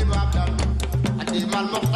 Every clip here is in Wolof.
حبيب عبد الله حدي مع المختار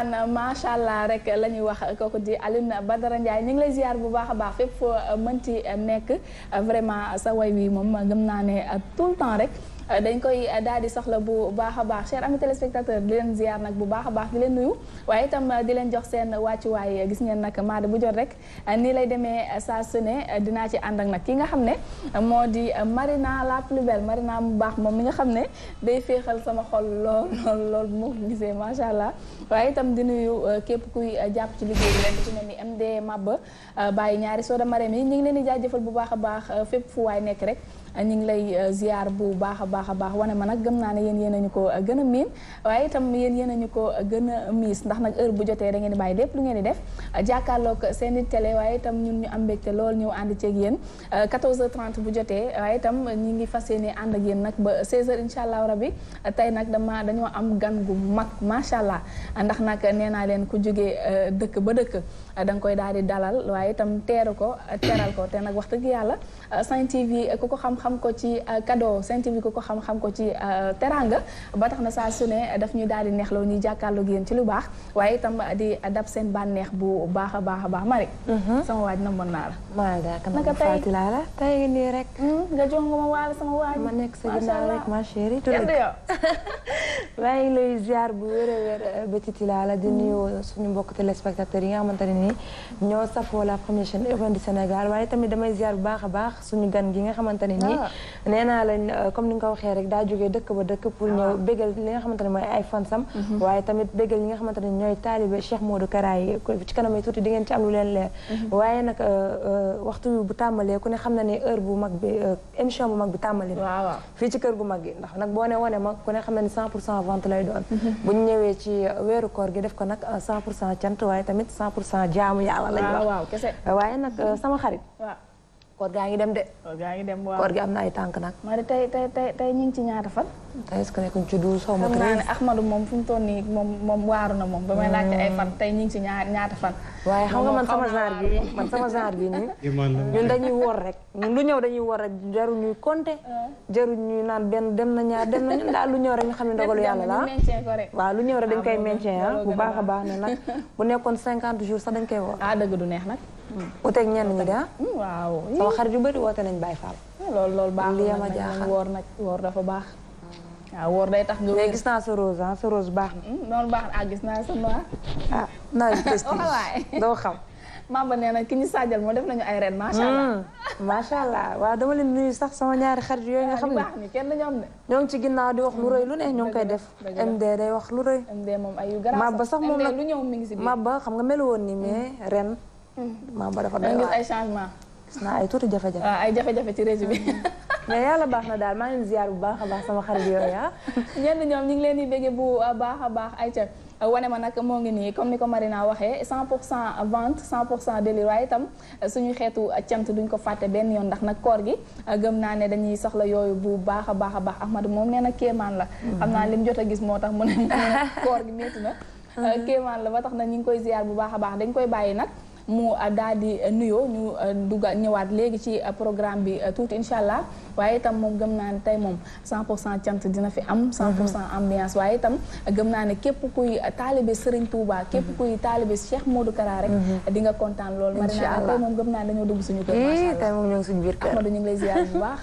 ndeysaan macha allah rek la ñuy wax kooku di Alioune ba Ndiaye ñu ngi lay ziar bu baax a baax fépp foo euh, mën ci euh, nekk euh, vraiment sa way wi moom gëm naa ne tout le temps rek dañ koy daal di soxla bu baax a baax chers amis téléspectateurs di leen ziar nag bu baax a baax di leen nuyu waaye itam uh, di leen jox seen wàccuwaay uh, gis ngeen nag maada bu jot rek uh, nii lay demee saa su ne dinaa ci ànd ak nag ki nga xam ne moo di Marina la plus belle Marina mu baax moom mi nga xam ne day féexal sama xol lool lool lool bu macha allah waaye itam di nuyu képp kuy jàpp ci liggéey bi leen ci mel ni MD Maba bàyyi ñaari sooda Marème yi ñu ngi leen di jaajëfal bu baax a baax fépp fu waay nekk rek ñu ngi lay euh, ziar bu baax a baax a baax wane ma nag gëm naa ne yéen yéen a ko euh, gën a waaye itam yéen yéen a ñu ko euh, gën a miis ndax nag heure bu jotee da ngeen di bàyyi lépp def jàkkaarloog seen i waaye itam ñun ñu am mbégte lool ñëw ànd ceeg yéen 14h30 bu jotee waaye itam ñi ngi fas yéene ànd ak yéen nag ba 16h incha allah rabi tey nag dama dañoo am gan gu mag macha allah ndax nag nee naa leen ku jógee dëkk ba dëkk da koy daal di dalal waaye itam teeru ko teral ko te nag wax dëgg yàlla Sen TV eh, ku ko xam-xam ko ci eh, cadeau Sen TV ku ko xam-xam ko ci eh, teranga ba tax na saa su ne daf ñu daal di neexloo ñuy jàkkaarloog yéen ci lu baax waaye itam di dab seen bànneex bu baax a baax a baax Marie mhm. sama waaj na mën naa la maa naka tey nii rek hmm, nga jox ma nekk sa ma chérie maa ngi lay ziar bu wér a wér bëti Tilala di hmm. nuyu suñu mbokk yi nga xamante ne nii ñoo safoo la première chaîne waaye tamit damay ziar bu baax a baax sax suñu gan gi nga xamante ne nii ah. nee naa euh, comme ni nga ko waxee rek daa jógee dëkk ba dëkk pour ah. ñëw bégal li nga xamante ne mooy ay fansam mhm. waaye tamit bégal ñi nga xamante ne ñooy taalibe Cheikh Modou Kara yi ci kanam yi tuuti di ngeen ci am lu leen leer mhm. waaye nag euh, euh, waxtu bu tàmbalee ku ne xam na ne heure bu mag bi émission bu mag bi tàmbali na fii ci kër gu mag gi ndax nag boo ne wane mag ku ne xam na ne cent pour cent vente lay doon mhm. bu ñu ñëwee ci weeru koor gi def ko nag cent cent cant waaye tamit cent jaamu yàlla lañ wax waaye nag sama xarit koor gaa ngi dem de. koor gaa ngi dem waaw koor gi am na ay tànk nag. ma ne tey tey tey tey ñu ngi ci ñaata fan. tey est-ce que nekkuñ ci douze xaw moom fu mu toll nii moom moom waaru na moom. ba may laajte tey ñu ngi ci ñaar ñaata fan. waaye xam nga man sama genre bi man sama genre bi ñun. ñun dañuy wor rek ñun lu ñëw dañuy wor rek jarul ñuy compter. Ah. jarul ñuy naan benn dem na ñaar dem na daal lu ñëw rek ñu xam ne ndogalu yàlla laa waaw lu ñëw rek dañ koy ah, maintien ah, bu baax a baax ne nag bu nekkoon cinquante jours sax dañ koy wor. ah dëgg du neex nag uteeg ñenn ñi de ah. mm, waaw sama xarit yu bëri woote nañ Baye Fall. Eh, lool loolu baax li ma jaaxal woor na woor dafa baax. waaw woor day tax nga. mais gis naa sa rose ah sa baax na. noonu mm, baax na ah, gis naa sa noir. ah noir prestige doo xam. mamba nee na ki ñu saajal moo def ay ren macha allah. Mm, macha allah dama leen nuyu sax sama ñaari xarit yooyu nga xam ne ah, kenn ñoom de. ñoo ci ginnaaw di wax lu rëy lu ne ñoo ngi koy def. MD day wax lu rëy. MD moom ay yu garaaw sax sax moom nag lu ñëw mi ngi si biir mamba xam nga melu woon ni mais ren. Hmm. Mamba dafa doy waar ay changement gis naa ay tuuti jafe-jafe. Ah, ay jafe ci régime bi. Hmm. mais yàlla baax na daal maa ngi leen bu baax a baax sama xarit yooyu ah. ñenn ñoom ngi leen di béggee bu ah, baax a baax ay ca wane ma nag moo ngi nii comme ni ko Marina waxee 100 cent vente 100 pour cent délire waaye itam suñu xeetu cant duñ ko fàtte benn yoon ndax nag koor gi ah, gëm naa ne dañuy soxla yooyu bu baax a baax a baax Ahmadou moom nee na kéemaan la. Hmm. xam naa lim jot a gis moo tax mu ne koor gi métti na. kéemaan la ba tax na ñu ngi koy ziar bu baax a baax dañ koy bàyyi nag. mu daal di nuyoo ñu euh, dugga ñëwaat léegi ci euh, programme bi euh, tuuti incha allah waaye itam moom gëm naa ne tey moom 100 pour cent dina fi am 100 pour cent ambiance waaye itam gëm naa ne képp kuy taalibe Serigne Touba képp mm-hmm. kuy taalibe Cheikh Modou Kara rek mm-hmm. di nga kontaan lool Marina tey moom gëm naa dañoo dugg suñu kër macha allah tey moom ñoo ngi suñu biir ñu ngi lay ziar bu baax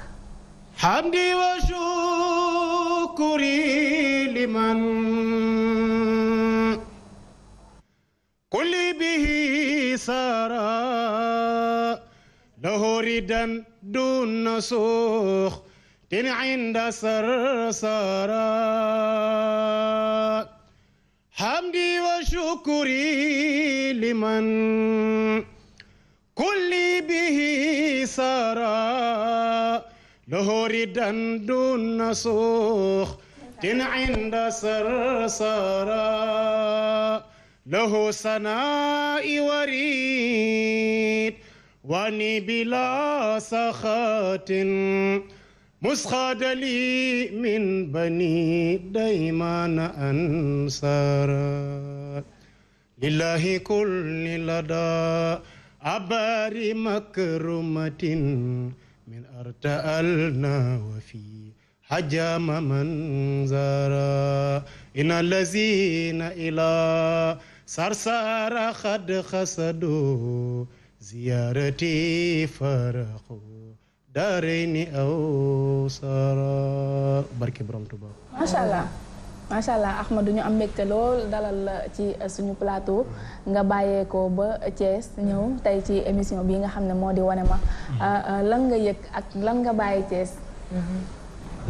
حمدي وشكري انكسارا له ردا دون سوخ عند سرسارا حمدي وشكري لمن كل به سارا له ردا دون سوخ عند سرسارا له سنائي وريد واني بلا سخات مسخد لي من بني ديمان أنصار لله كل لدى عبار مكرمة من أرتألنا وفي حجام منزارا إن الذين إلى sarsara xad xasado ziyaarati faraxu daaray ni aw sara barke borom Tuuba macha allah macha allah Ahmadou ñu am mbégte lool dalal la ci suñu plateau nga bàyyeekoo ba Thiès ñëw tey ci émission bii nga xam ne moo di wane ma mm-hmm. ah, ah, lan nga yëg ak lan nga bàyyi Thiès mm-hmm.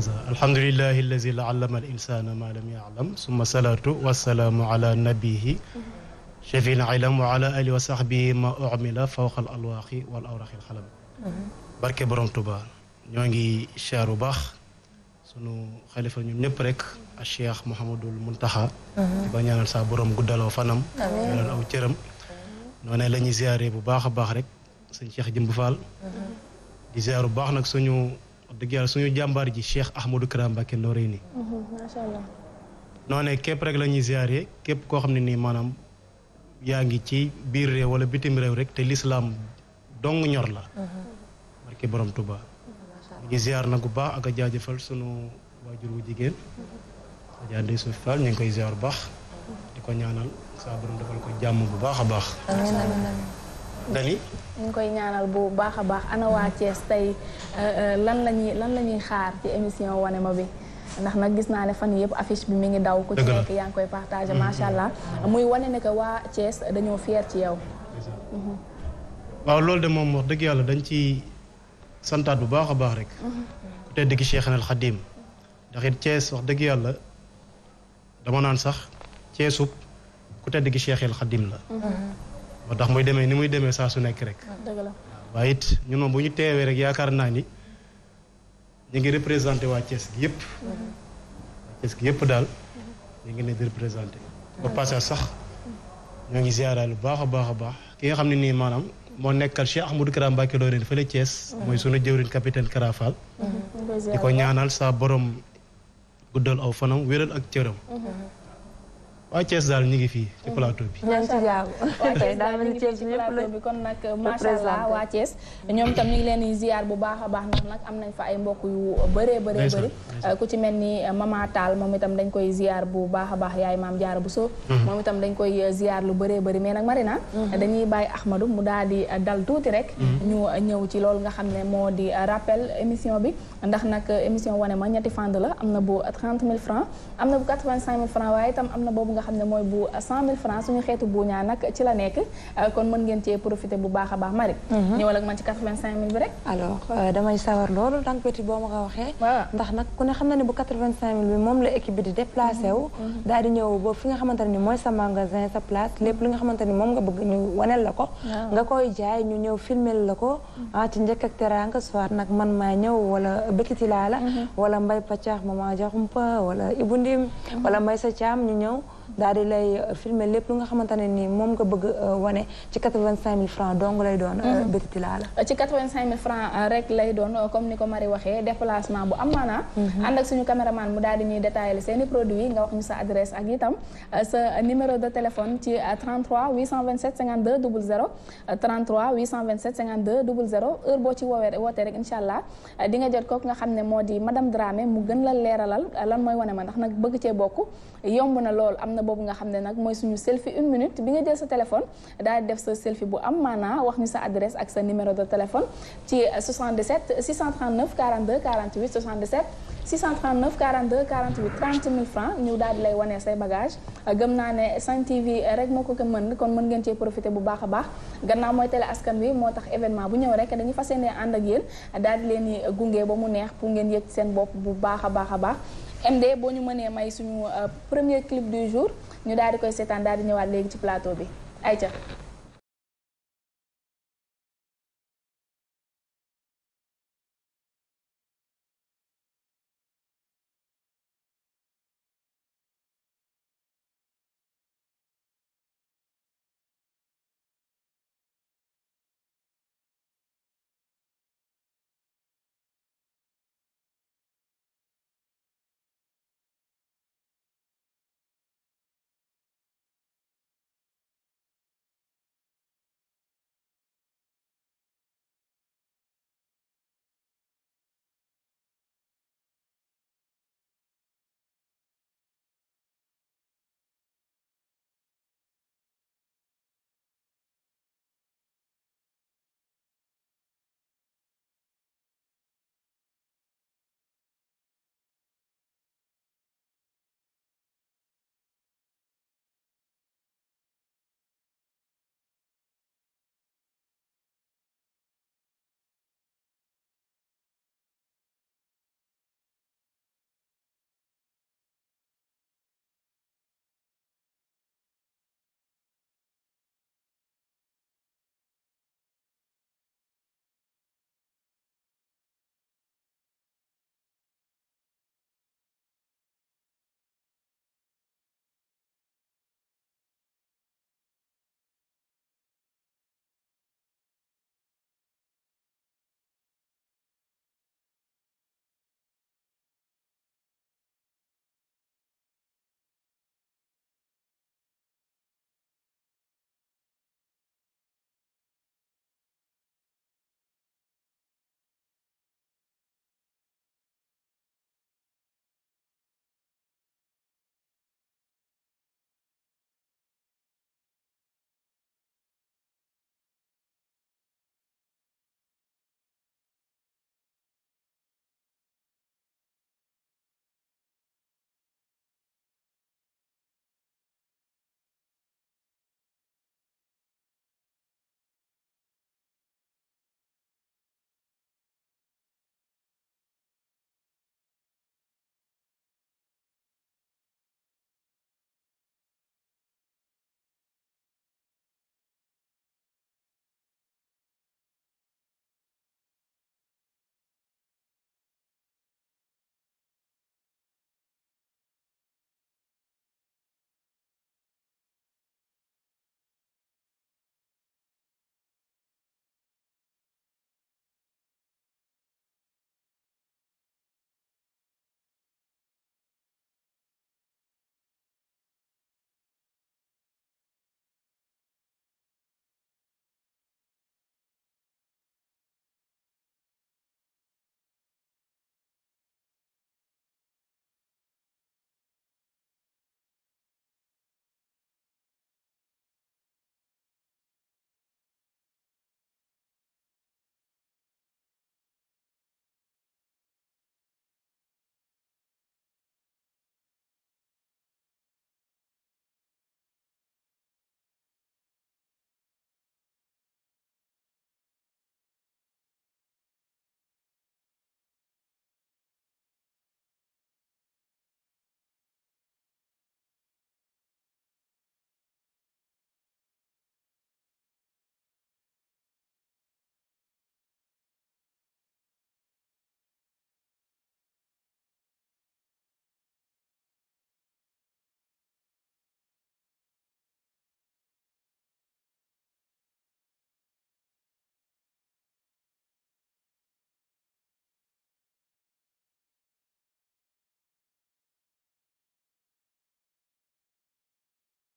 alhamdulilahi allazi la allama al insana ma lam yaalam summa salaatu wasalaamu ala nabihi chafil ilam wa ala alihi wa sahbihi ma umila fawqa al wal awraxi al mhm. barke borom tuba ñoo ngi chaar bu baax sunu xalifa ñun ñëpp rek a cheikh mouhamadul muntaxa mhm. di ko ñaanal saa fanam aw cëram noonee la ñuy bu baax baax rek sëñ cheikh jëmb faal mhm. di ziar bu baax nag suñu wax dëgg yàlla suñu jàmbaar ji Cheikh Ahmadou Kara Mbacké Noreyni. macha mhm, allah. noonee képp rek lañuy ñuy képp koo xam ne nii maanaam yaa ngi ci biir réew wala bitim réew rek te lislaam dong ñor la. Mhm. barke borom Touba. Mhm, ngi ziar nag bu baax ak a jaajëfal suñu waajur wu jigéen. Adja Ndeye Sow Fall ñu ngi koy ziar baax. di ko ñaanal saa borom defal ko jàmm bu baax a baax. dali ñu ngi koy ñaanal bu baax a baax ana waa cees tey euh, euh, lan la ñuy lan la ñuy xaar ci émission wane ma bi ndax nag gis naa ne fan yëpp affice bi mi ngi daw ku ci nekk yaa ngi koy partagé mm-hmm. macha allah muy wane ne que waa Thiès dañoo feer ci yow mm-hmm. waaw loolu de moom wax dëgg yàlla dañ ci santaat bu baax a baax rek ku mm-hmm. tedd ki Cheikh Al Khadim ndax it Thiès wax dëgg yàlla dama naan sax Thiès ku tedd ki Cheikh Al la moo tax muy demee ni muy demee saa su nekk rek. Ah, dëgg la waaye it ñun moom bu ñu teewee rek yaakaar naa ni ñu ngi représenté waa Thiès gi yëpp. waa mm-hmm. Thiès gi yëpp daal ñu ngi leen di représenté. Mm-hmm. ba passé sax ñoo ngi ziaraat lu baax a baax a baax ki nga xam ne nii maanaam moo nekkal Cheikh Ahmadou Kara Mbacké Lorraine fële Thiès. Mm-hmm. mooy sunu jëwriñ capitaine Kara Fall. di ko ñaanal saa borom guddal aw fanam wéral ak cëram. waa Thiès daal ñu fii ci plateau bi. kon nag macha allah waa Thiès ñoom itam ñu ngi leen di bu baax a baax ndax nag am nañ fa ay mbokk yu baree bëree bëri ku ci mel ni eh, Mama Tall moom itam dañ koy ziar bu baax a baax yaay maam Jaara Bousso mhm. moom itam dañ koy eh, ziar lu baree bari mais nag Marina mhm. dañuy bàyyi Ahmadou mu daal di eh, dal tuuti rek mhm. ñu ñëw ci loolu nga xam ne moo di rappel émission bi ndax nag émission wane ma ñetti fànn la am na bu 30 000 francs am na bu waaye itam am na boobu nga xam ne mooy bu 100000 francs suñu xeetu buuñaa nag ci la nekk euh, kon mën ngeen cee profité bu baax a baax mhm. bi rek alors euh, damay sawar loolu tant petit boo ma waxee ndax nag ku ne xam na ne bu 85000 bi moom la équipe bi di déplacé wu mhm. Mhm. daal di ñëw ba fi mooy sa magasin sa place lépp li nga xamante moom nga bëgg ñu waneel la ko nga koy jaay ñu ñëw filmel la ko ah, ci njëkk ak teraanga soit nag man maa ñëw wala bëkkiti laa la wala mbay paccax mama jaxumpa wala ibundim wala mbay sa caam ñu ñëw daal di lay euh, filmer lépp lu nga xamante ne nii moom nga bëgg euh, wane ci 85000 francs dong lay doon. Béti Tila la. ci 85000 francs euh, rek lay doon comme ni ko Marie waxee déplacement bu am maanaa. Mhm. ànd ak suñu caméraman mu daal di ñuy détaillé seen i produits nga wax ñu sa adresse ak itam sa numéro de téléphone ci 33 827 52 00 33 827 52 00 heure boo ci woowee wootee rek incha allah di nga jot kooku nga xam ne moo di madame Dramé mu gën la leeralal lan mooy wane ma ndax nag bëgg cee bokk yomb na lool na boobu nga xam ne nag mooy suñu selfie une minute bi nga jël sa téléphone daal def sa selfie bu am maanaa wax ñu sa adresse ak sa numéro de téléphone ci 77 639 42 48 77 639 42 daal di lay wanee say bagage gëm naa ne Sen TV rek moo ko ko mën kon mën ngeen cee profité bu baax a baax gannaaw mooy télé askan wi moo tax événement bu ñëw rek dañuy fas yéene ànd ak yéen daal di leen di gunge ba mu neex pour ngeen yëg seen bopp bu baax a baax a baax MD boo ñu mënee may suñu euh, premier clip du jour ñu daal di koy seetaan daal di ñëwaat léegi ci plateau bi ay ayca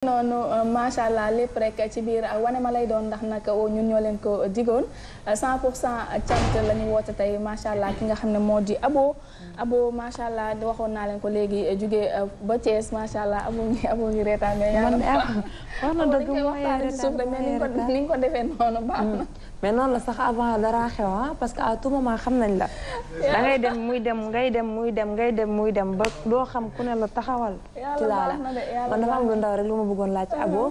noonu euh, macha allah lépp rek ci biir euh, wane ma lay doon ndax nag euh, ñu ñoo leen ko digoon 100 pour cent cant la ñu woote tey macha allah ki nga xam ne moo di abo abo macha allah waxoon naa leen ko léegi jugee ba Thiès macha allah abo ngi abo ngi reetaan mais yàlla ah, wax na dëgg wax yaa reetaan ko defee noonu baax na mais noonu la sax avant dara xew ah, parce que à tout moment xam nañ la ngay dem muy dem ngay dem muy dem ngay dem muy dem ba doo xam ku ne la taxawal ci laala ndaw lu ma bëggoon laaj uh-huh. abo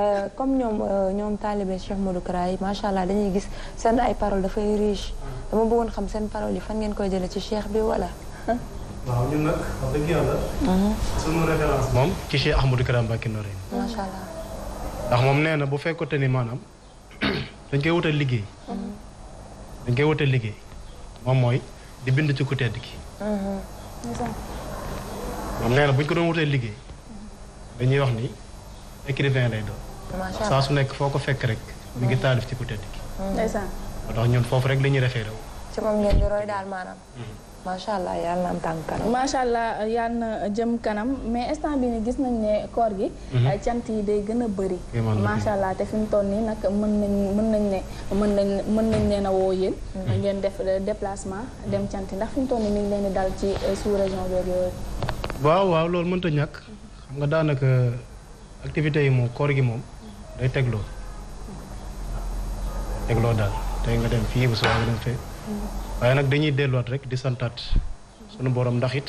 euh, comme ñoom euh, ñoom taalibe Cheikh Modou yi macha allah dañuy gis seen ay parole dafay riche dama xam seen parole yi fan koy jële ci cheikh bi wala waaw uh-huh. na bu fekkote ni maanaam dañ koy wutal liggéey. Mhm. dañ koy wutal liggéey moom mooy di bind ci ku tedd ki. Mhm. moom nee na bu ñu ko doon wutal liggéey dañuy wax ni écrivain lay doon. saa su nekk foo ko fekk rek mu ngi mhm. taalif ci ku tedd ki. ndeysaan. moo ñun foofu rek la ñuy référé wu. macha allah yal na am tànk kanam. macha allah yal jëm kanam mais instant bi ni gis nañ ne koor gi. Mhm. cant yi day gën a bëri. macha allah te fi mu toll nii nag mën nañ mën nañ ne mën nañ mën nañ leen a woo yéen. Mhm. ngeen def déplacement dem cant yi ndax fi mu ni nii ngi leen di dal ci euh, sous région beeg yooyu. waaw waaw loolu mënta ñàkk. xam nga daanaka activités yi moom koor gi moom. day tegloo. tegloo daal tey nga dem fii bu soobee nga dem fee. Mhm. waaye nag dañuy delluwaat rek di santaat sunu borom ndax it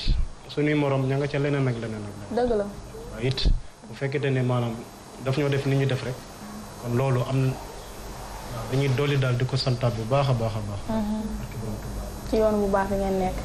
suñuy morom ña nga ca leneen ak leneen ak dëgg la waaye it bu fekkete ne maanaam daf ñoo def ni ñu def rek kon loolu am dañuy dolli daal di ko santaat bu baax a baax a baax mhm. ci yoon bu baax bi ngeen nekk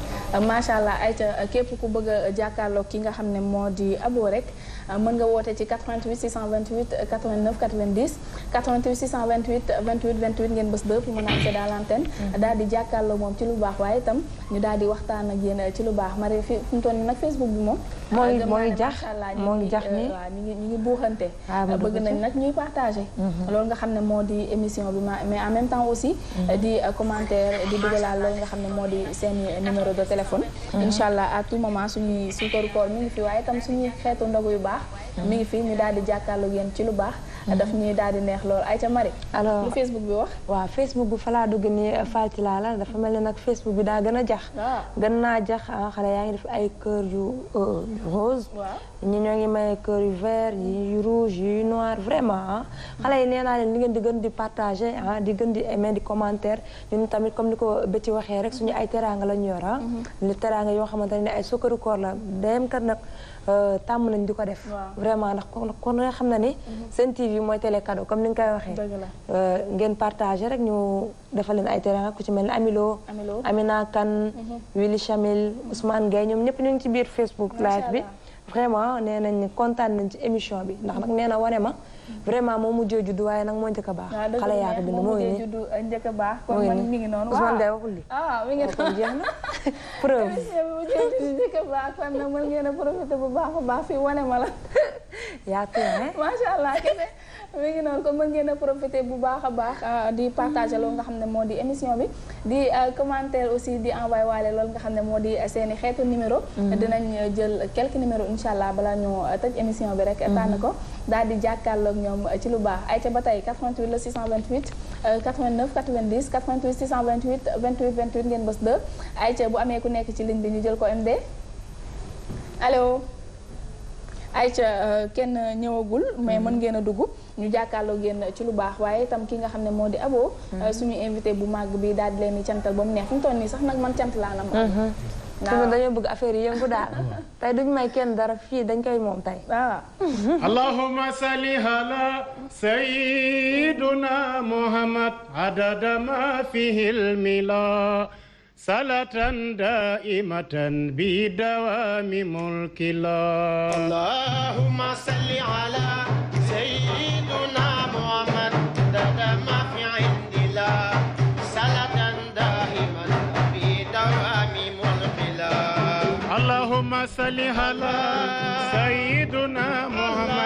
macha allah ayta képp ku bëgg jàkkaarloo ki nga xam ne moo di abo rek Euh, mën nga woote ci 88 628 89 90 88 628 28 28 ngeen bës ba pour mën a accès à l'antenne mm. daal di jàkkaarloo moom ci lu baax waaye itam ñu daal di waxtaan ak yéen euh, ci lu baax mari fi fu mu toll nii nag Facebook bi moom moo ngi moo ngi jax moo ngi jax ni waaw ñu ngi ñu ngi buuxante ah, euh, bëgg nañ nag ñuy partagé mm-hmm. loolu nga xam ne moo di émission bi ma mais en même temps aussi mm-hmm. di commentaire di dugalal loolu nga xam ne moo di seen numéro de téléphone mm-hmm. incha allah à tout moment suñuy sukkaru koor mi ngi fi waaye itam suñuy xeetu ndogu yu baax baax mi ngi fii ñu daal di jàkkaarloog yéen ci lu baax daf ñuy daal di neex lool ay Marie alors lu Facebook bi wax waaw Facebook bu falaa dugg ni euh, Faty Lala dafa mel ne nag Facebook bi daa gën a jax ah. gën naa jax ah, xale yaa ngi def ay kër yu euh, rose ñi ñoo ngi may cœur yu ver yu rouge yu noir vraiment ah. xale yi nee naa leen li ngeen di gën di partager ah di gën di aimer di commentaire ñun tamit comme ni ko Betty waxee rek suñu ay teraanga lañu yor ah mm-hmm. li teraanga yoo xamante ne ay sukkaru koor la dem kat Euh, tàmm nañ di ko def. vraiment ndax kon kon xam na ni. Mhm. seen TV mooy télé comme ni nga koy waxee. Euh, ngeen partagé rek ñu defal leen ay terrain ku ci mel ni Amilo. Amina Kane. Mhm. Willy Chamil Ousmane Gueye ñoom ñëpp ñu ngi ci biir Facebook live bi. vraiment nee nañ kontaan nañ ci émission bi ndax nag nee na wane ma. vraiment moo mujjee juddu waaye nag moo njëkk a baax. Ah, xale yaa ko bind moo ngi nii eh, moo ngi nii mi ngi noonu. Ousmane Gueye waxul li ah mi ngi noonu jeex na preuve. njëkk a baax kon nag mën ngeen bu baax baax fii wane ma la. yaa tey macha mi ngi noonu kon mën ngeen profité bu baax a baax euh, di partager loolu nga xam ne moo di émission bi di euh, commentaire aussi di envoyé waale loolu nga xam ne moo di seeni xeetu numéro mm-hmm. dinañ jël quelques numéros incha allah bala ñu euh, tëj émission bi rek mm-hmm. tànn ko daal di jàkkaarloog ñoom ci lu baax ay ca ba tey 88 la 628 89 90 88 628 28 28 ngeen bës 2 ay ca bu amee ku nekk ci ligne bi ñu jël ko MD allo Aïcha kenn ñëwagul mais mm-hmm. mën ngeen a dugg ñu jàkkaarloo génn ci lu baax waaye itam ki nga xam ne moo di abo hmm. euh, suñu invité bu mag bi daal di leen di cantal ba mu neex fu mu toll nii sax nag man cant laa la ma hmm. waaw dañoo bëgg affaire yi yëngu daal. Hmm. tey duñu may kenn dara fii dañ koy moom tey. waaw. allahumma salli ala sayyiduna muhammad adada ma fihil mila. salatan daimatan bi dawami mulki la allahumma salli ala sayyidina muhammad dada ma fi indila salatan daimatan bi dawami mulki la allahumma salli ala sayyidina muhammad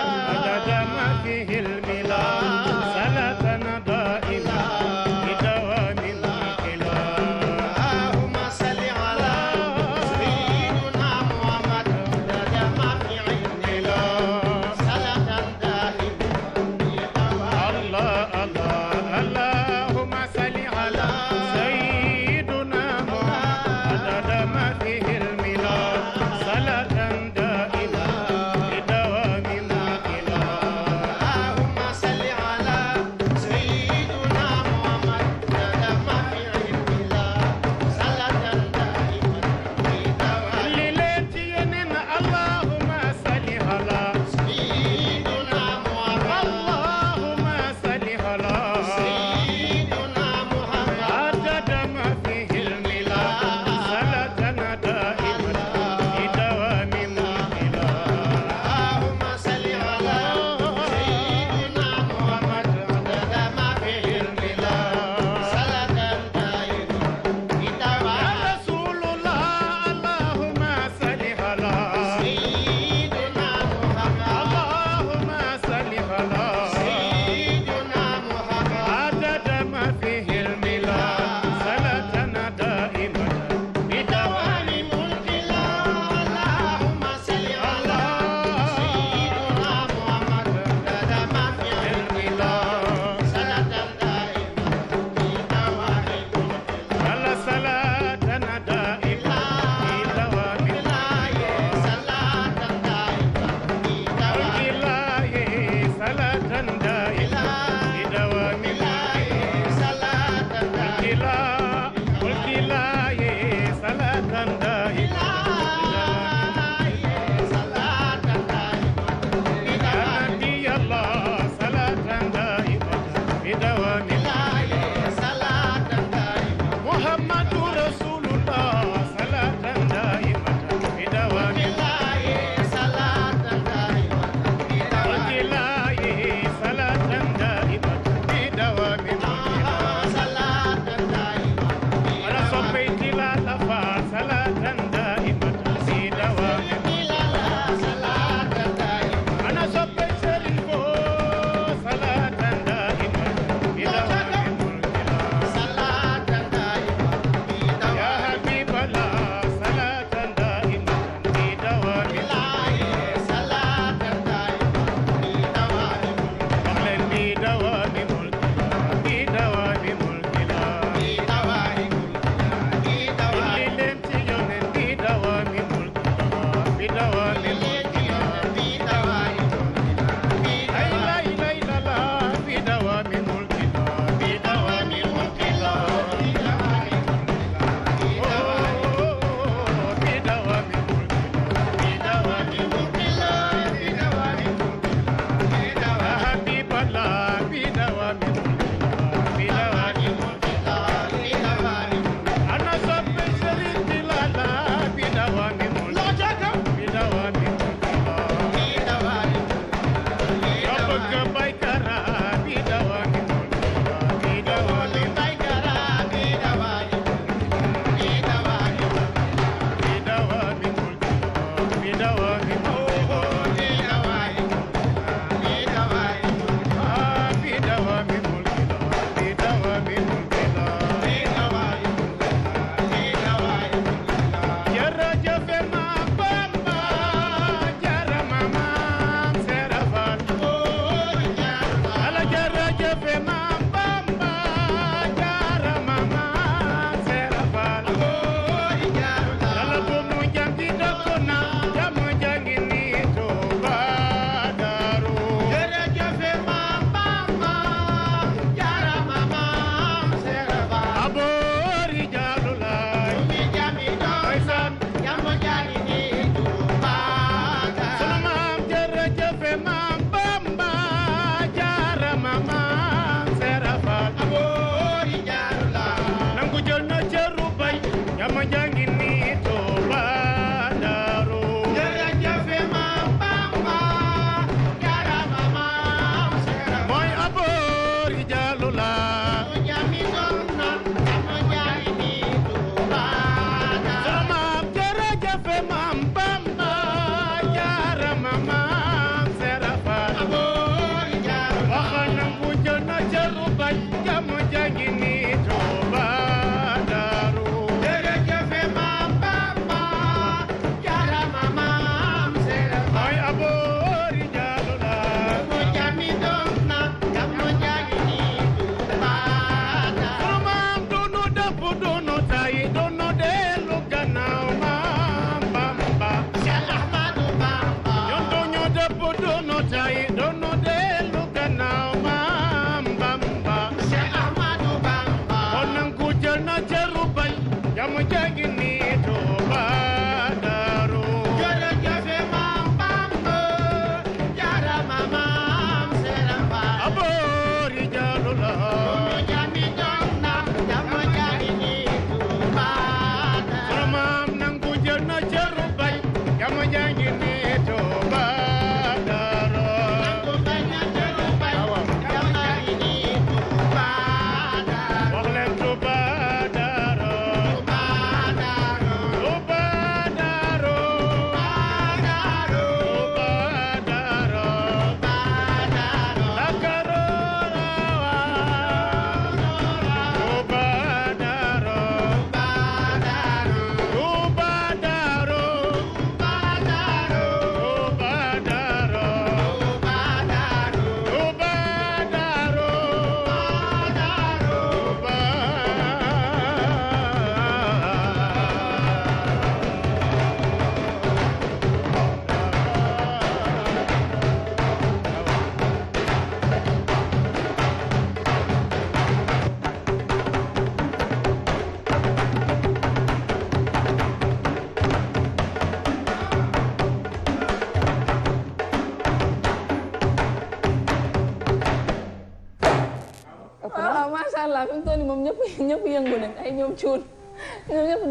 ñëpp yëngu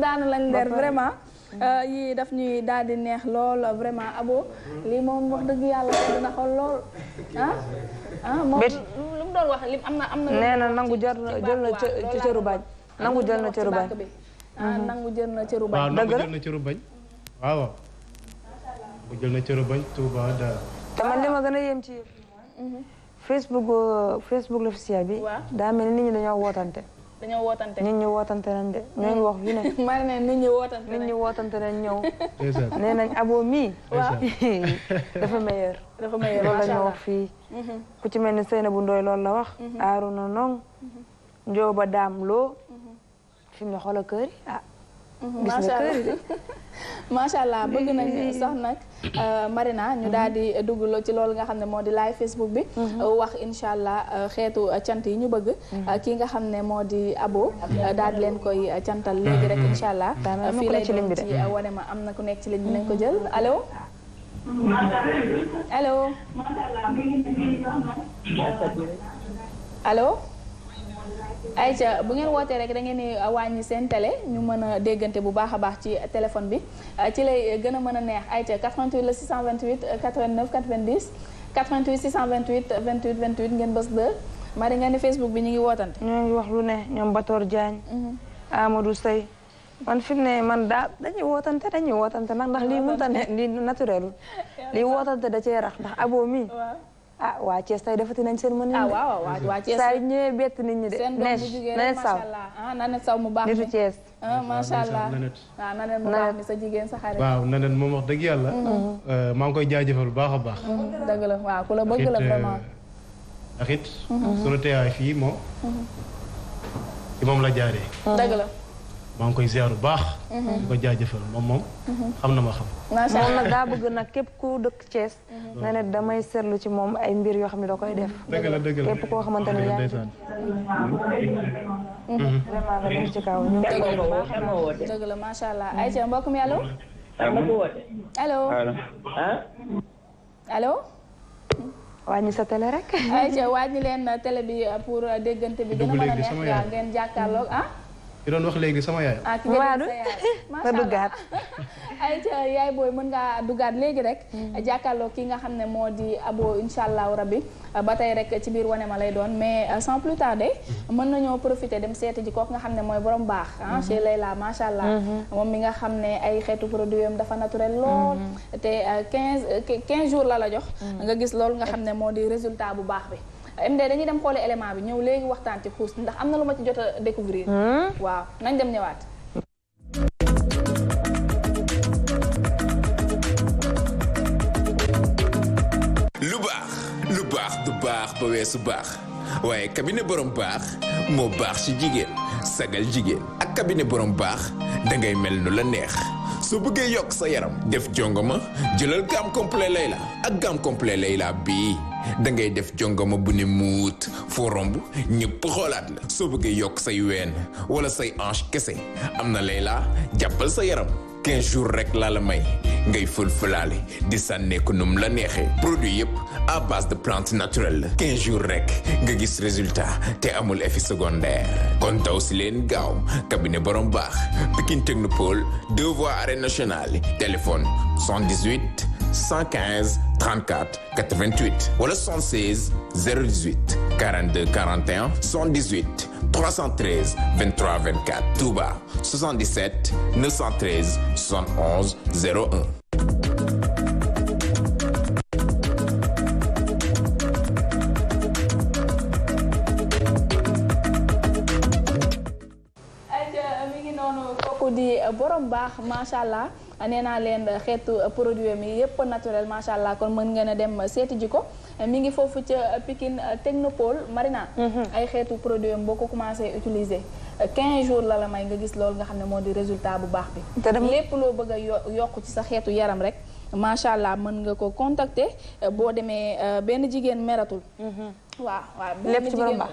vraiment euh, yii daf ñuy daal neex lool vraiment abo moom wax dëgg ah, ah, na am na nee na nangu jël nangu jël na cëru bañ ah nangu jël na cëru bañ dëgg la nangu jël na cëru bañ waaw nangu jël na bi daa mel ni nit dañoo wootante dañoo wootante nit ñi wootante nañ de ñooñu mm. wax yu ne. mari ne nit ñi wootante nañ nit ñi wootante nañ ñëw. nee nañ abo mii. waaw dafa meilleur. dafa meilleur loolu la ñu wax fii. Mm-hmm. ku ci mel ni Seynabou Ndoye loolu la wax. Mm-hmm. Aruna Ndong. Mm-hmm. Njóoba Daam Lo. fi mu ne xoolal kër yi ah. Mm-hmm. macha allah macha allah bëgg nañ sax nag euh, Marina ñu daal di mm-hmm. dugg ci loolu nga xam ne moo di lay Facebook bi. Mm-hmm. Euh, wax incha allah euh, xeetu cant yi ñu bëgg. kii nga xam ne moo di abo. daal di leen koy cantal léegi rek incha allah. fii lay doon ci wane ma am na ku nekk ci ligne bi nañ ko jël allo. allo. Aïcha bu ngeen wootee rek da ngeen di uh, wàññi seen télé ñu mën a déggante bu baax a baax ci téléphone bi uh, ci lay gën a mën a neex Aïcha 88 la 628 89 90 88 628 28 28 ngeen bës 2 Marie nga Facebook bi ñu ngi wootante. ñoo ngi wax lu ne ñoom Batoor Diagne. Mm-hmm. Amadou Sey. man fi mu ne man daal dañuy wootan wootante dañuy wootante nan ndax lii mënta ne lii naturel lii wootante da cee rax ndax abo mi. ah waa Thiès tey defati nañ seen mën ah waaw waaw waa Thiès saa yu ñëwee bett nit ñi de. seen ah, nanet saw mu baax mi nitu Thiès. macha allah nanet waaw mu baax mi sa jigéen sa xarit. waaw nanet moom wax dëgg yàlla. Mm-hmm. Euh, maa ngi koy jaajëfal bu baax a baax. Mm-hmm. dëgg la waaw ku la bëgg la euh, vraiment. ndax it mm-hmm. sunu teewaay fii moom. ci moom la jaaree. dëgg la. maa ngi koy ziar bu baax. Mhm. di ko jaajëfal moom moom. Mhm. xam na ma xam. macha allah bëgg nag képp ku dëkk Thiès. Mhm. na damay seetlu ci moom ay mbir yoo xam ne da koy def. dëgg la dëgg la koo xamante ne yaa ngi ci. vraiment la nekk ci kaw ñu ngi koy baax dëgg la macha allah sa télé rek. ayca wàññi leen télé bi pour déggante bi gën a mën a neex ah. ki doon wax léegi sama yaay. ah ki ma duggaat. ay ca mën ngaa duggaat léegi rek. Hmm. jàkkaarloo ki nga xam ne moo di abo incha allahu rabbi ba tey rek ci biir wane ma lay doon mais euh, sans plus tarder. Hmm. mën nañoo profiter dem seeti ji kooku nga xam ne mooy borom baax. Hmm. chez Layla macha allah. moom mi nga xam ne ay xeetu produit am dafa naturel lool. te 15 euh, 15 euh, jours la la jox. nga gis loolu nga xam ne moo di résultat bu baax bi. MD dañuy dem xoole élément bi ñëw léegi waxtaan ci xuus ndax am na lu ma ci jot a découvrir hmm? waaw nañ dem ñëwaat lu baax lu baax du baax ba weesu baax waaye cabinet borom baax moo baax ci jigéen sagal jigéen ak cabinet borom baax dangay mel nu la neex soo bëggee yokk sa yaram def jongama jëlal gamme complet Layla ak gamme complet Layla bii da ngay def jongama bu ne muut foo romb ñëpp xoolaat la soo bëggee yokk say ween wala say hanche kese am na Layla jàppal sa yaram quinze jours rek laa la may ngay fël-fëlaale di sànneeku num la neexe produit yëpp à base de plante naturelle la 15 jours rek nga gis résultat te amul effet secondaire. kon daw si leen gaaw cabinet borom baax Pikine Technopole deux voies arène nationale téléphone 118 115 34 88 wala 76 018 42 41 118. 313 23 24 Touba 77 913 71 01 di eh, borom baax macha allah nee naa leen eh, xeetu eh, produit mi yëpp naturel macha allah kon mën nga a dem seeti ji ko mi ngi foofu ca Pikine Technopole Marina. Mhm. ay xeetu produit am boo ko commencé utiliser 15 jours la la may nga gis loolu nga xam ne moo di résultat bu baax bi. te lépp loo bëgg a yokk ci sa xeetu yaram rek macha allah mën nga ko contacter boo demee benn jigéen meratul. Mhm. waa waaw lépp ci borom baax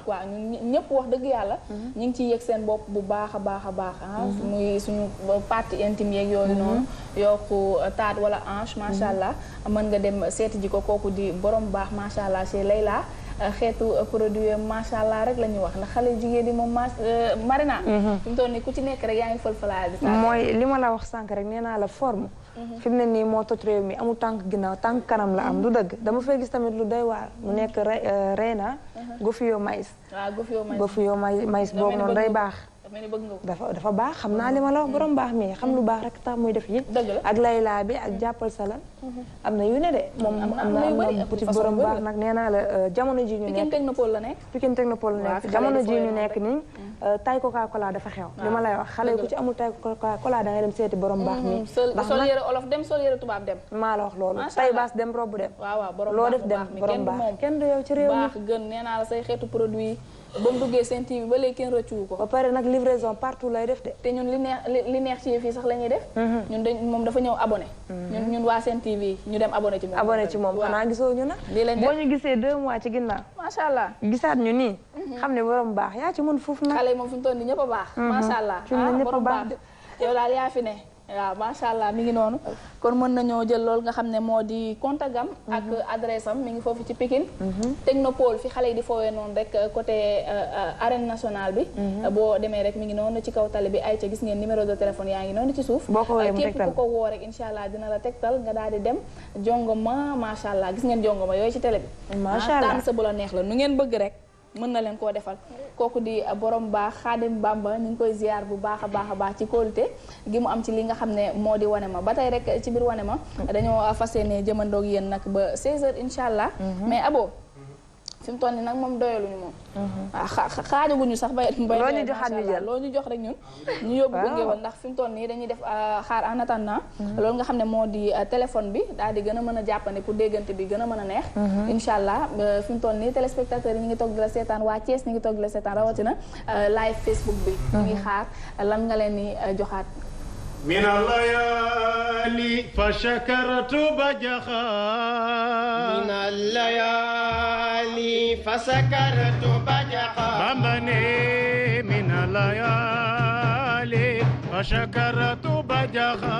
ñëpp wax dëgg yàlla mhm. ñu ngi ciy yëg seen bopp bu baax a baax a baax ah mhm. muy suñu partie intime yeeg yooyu mhm. noonu yokku euh, taat wala hanche macha allah mën nga dem seeti ji ko kooku di borom baax macha allah chez Layla euh, xeetu euh, produit macha allah rek la ñuy wax ndax xale jigéen di moom ma marina fi mu toll nii ku ci nekk rek yaa ngi fël-fëlaal bi mooy li ma la wax sànq rek nee naa la forme fi mu ne nii moo toj réew mi amul tànk ginnaaw tànk kanam la am du dagg dama fay gis tamit lu day waar mu nekk reyna euh, uh-huh. gofio maïs gofio maïs boobu noonu day baax dafa baax xam naa li ma la wax borom baax mi xam lu baax rek tax muy def yi ak layla bi ak jàppal sa la mm-hmm. am na yu ne de moom am na petit borom baax nag nee la euh, jamono ji ñu nekk Pikine la nekk Pikine Technopole la nekk jamono ji ñu nekk nii mm-hmm. euh, tay coca cola dafa xew li ma lay wax xale ku ci amul tay coca cola da ngay dem seeti borom baax mi mm-hmm. maa la wax loolu tay baas dem robb dem loo def dem borom baax kenn du yow ci réew mi ba mu duggee seen TV ba léegi kenn rëccu ko. ba pare nag livraison partout lay def de. te ñun li neex li neex ci fii sax la ñuy def. Mhm. ñun dañ moom dafa ñëw abonné. Mhm. ñun ñun waa seen TV ñu dem abonné ci moom. abonné ci moom gisoo ñu na. lii lañ def boo ñu gisee deux mois ci ginnaaw. macha allah gisaat ñu nii. Mhm. xam ne borom baax yaa ci mën foofu nag. xale moom fi mu toll nii ñëpp a baax. macha allah ah borom baax yow daal yaa fi ne. waaw macha allah mi ngi noonu kon mën nañoo jël loolu nga xam ne moo di contagam ak adresse am mi ngi foofu ci Pikine mhm. technopole fi xale yi di foowee noonu rek euh, côté euh, euh, arène nationale bi mhm. boo demee rek mi ngi noonu ci kaw tali bi ay ca gis ngeen numéro de téléphone yaa ngi noonu ci suuf képp ku ko woo rek incha allah dina la tegtal nga daal di dem ma macha allah gis ngeen jongoma yooyu ci tele bi macha allah ah, tànn sa bu la neex la nu ngeen bëgg rek mën na leen koo defal kooku di borom baax xaadim bamba ñu koy ziar bu baax a baax a baax ci kóolute gi mu am ci li nga xam ne moo di wane ma ba tey rek ci biir wane ma dañoo fas yéene jëmandoog yéen nag ba 16h incha allah mm-hmm. mais abo fi mu toll nii nag moom doyaluñu moom. waaw mhm. ah, xa xaajaguñu sax ba loo ñu joxaat ñu loo ñu jox rek ñun. ñu yóbbu gunge woon ndax fi mu toll nii dañuy def euh, xaar en attendant. Mhm. loolu nga xam ne moo di euh, téléphone bi daal di gën a mën a jàppandi pour déggante bi gën a mën a neex. Mhm. incha allah fi mu toll nii téléspectateurs yi ñu ngi toog di la seetaan waa Thiès ñu ngi toog di la seetaan rawatina euh, live Facebook bi. ñu ngi xaar lan nga leen di joxaat. من الليالي فشكرت بجخا من الليالي فسكرت بجخا بمني من الليالي فشكرت بجخا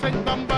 Sëñ Bamba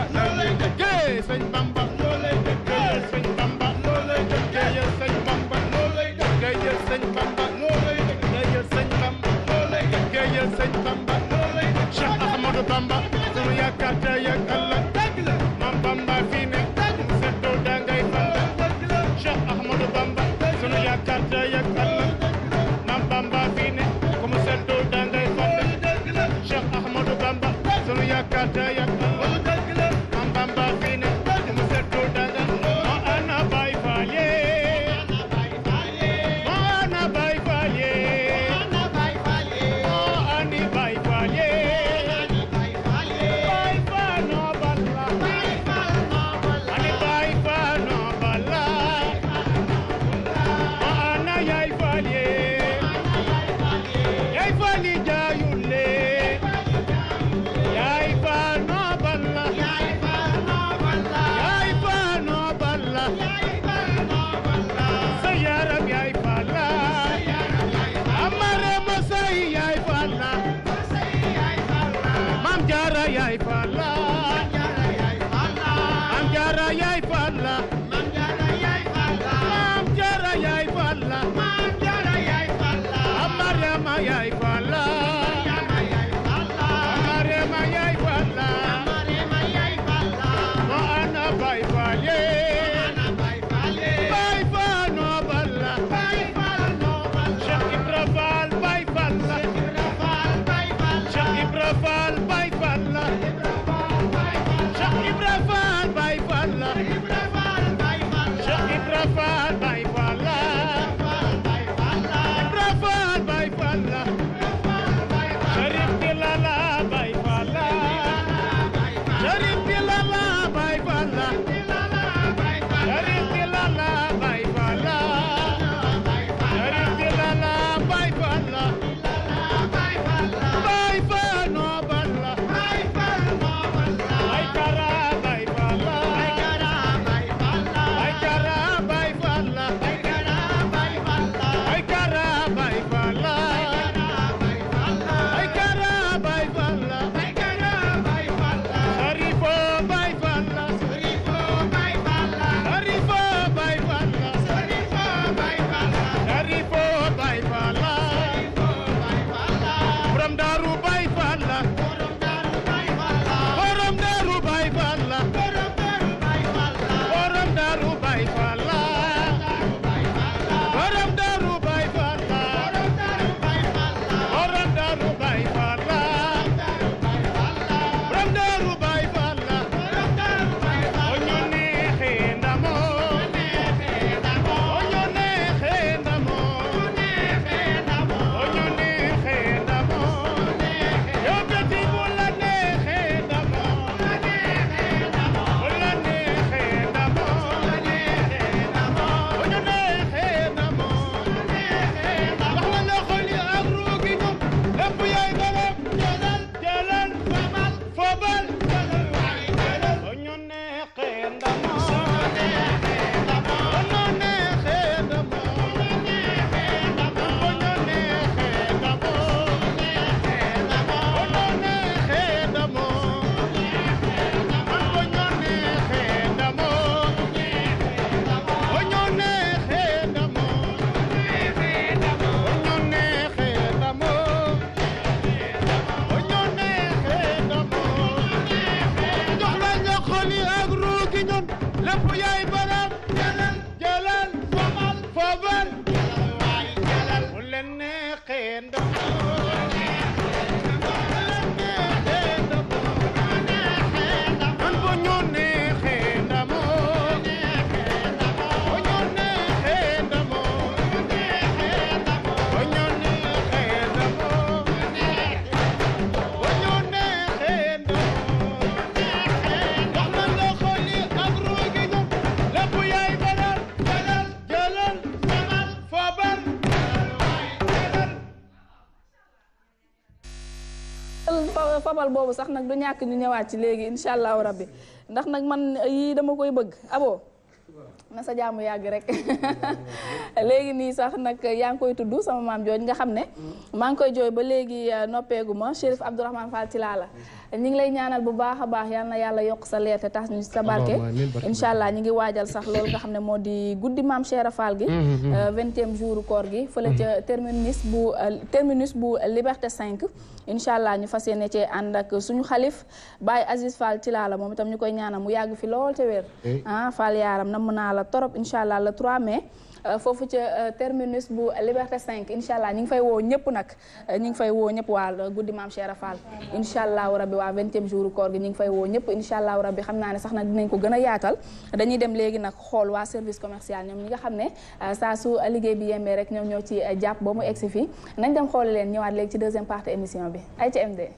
sobal boobu sax nag du ñàkk ñu ñëwaat ci léegi incha allahu rabbi ndax nag man yii dama koy bëgg abo na sa jaamu yàgg rek léegi nii sax nag yaa ngi koy tudd sama maam jooj nga xam ne mm. maa ngi koy jooy ba léegi euh, noppeegu ma Chérif Abdourahmane Fall Tilala la ñu ngi lay ñaanal bu baax baax yal na yàlla yokk sa leer te tax ñu sa barke incha allah ñu ngi waajal sax loolu nga xam ne moo di guddi maam Cheikh Fall gi mm-hmm, mm-hmm. Euh, vingtième jour koor gi fële ca mm-hmm. terminus bu euh, terminus bu liberté 5 incha allah ñu fas yéene cee ànd ak suñu xalif baay Aziz Fall ci laa la moom itam ñu koy ñaanal mu yàgg fi lool te weer ah Fall yaaram namm naa la torop incha allah le 3 mai Euh, foofu ca euh, terminus bu Liberté cinq incha allah ñu ngi fay woo ñëpp nag euh, ñu ngi fay woo ñëpp waa guddi maam Cheikh Fall incha allahu rabbi waa vingtième jour koor gi ñu ngi fay woo ñëpp incha allahu rabbi xam naa ne sax nag dinañ ko gën a yaatal dañuy dem léegi nag xool waa service commercial ñoom ñi nga xam ne saa su liggéey bi yembee rek ñoom ñoo ci jàpp ba mu egsi fii nañ dem xool leen ñëwaat léegi ci deuxième partie émission bi ay ci MD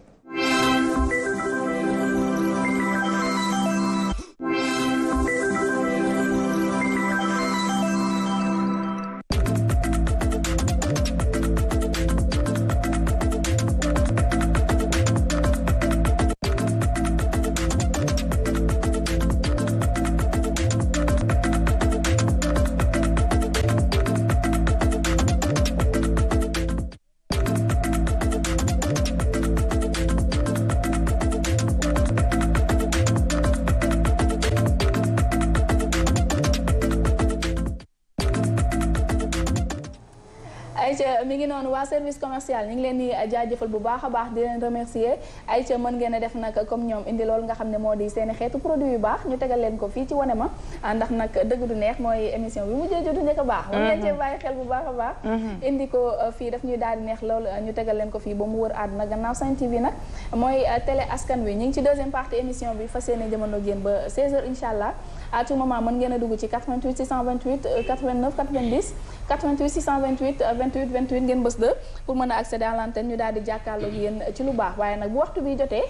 service commercial ñu ngi leen di jaajëfal bu baax a baax di leen remercier ay ca mën ngeen a def nag comme ñoom indi lool nga xam ne moo di seen xeetu produit yu baax ñu tegal leen ko fii ci Wonema Ah, ndax nag dëgg du neex mooy émission bi mu jëjëtu njëkk a baax war ngeen cee mhm. bàyyi xel bu baax a baax mhm. indi ko uh, fii daf ñu daal di neex lool uh, ñu tegal leen ko fii ba mu wër àdduna gannaaw Sen TV nag mooy uh, télé askan wi ñu ngi ci deuxième partie émission bi fas yéene jamono génn ba 16h incha allah à tout moment mën ngeen a dugg ci 88 628 89 90 88 628 28 28 ngeen bës 2 pour mën a accéder à l'antenne ñu daal di jàkkaarloo yéen ci lu baax waaye nag bu waxtu jotee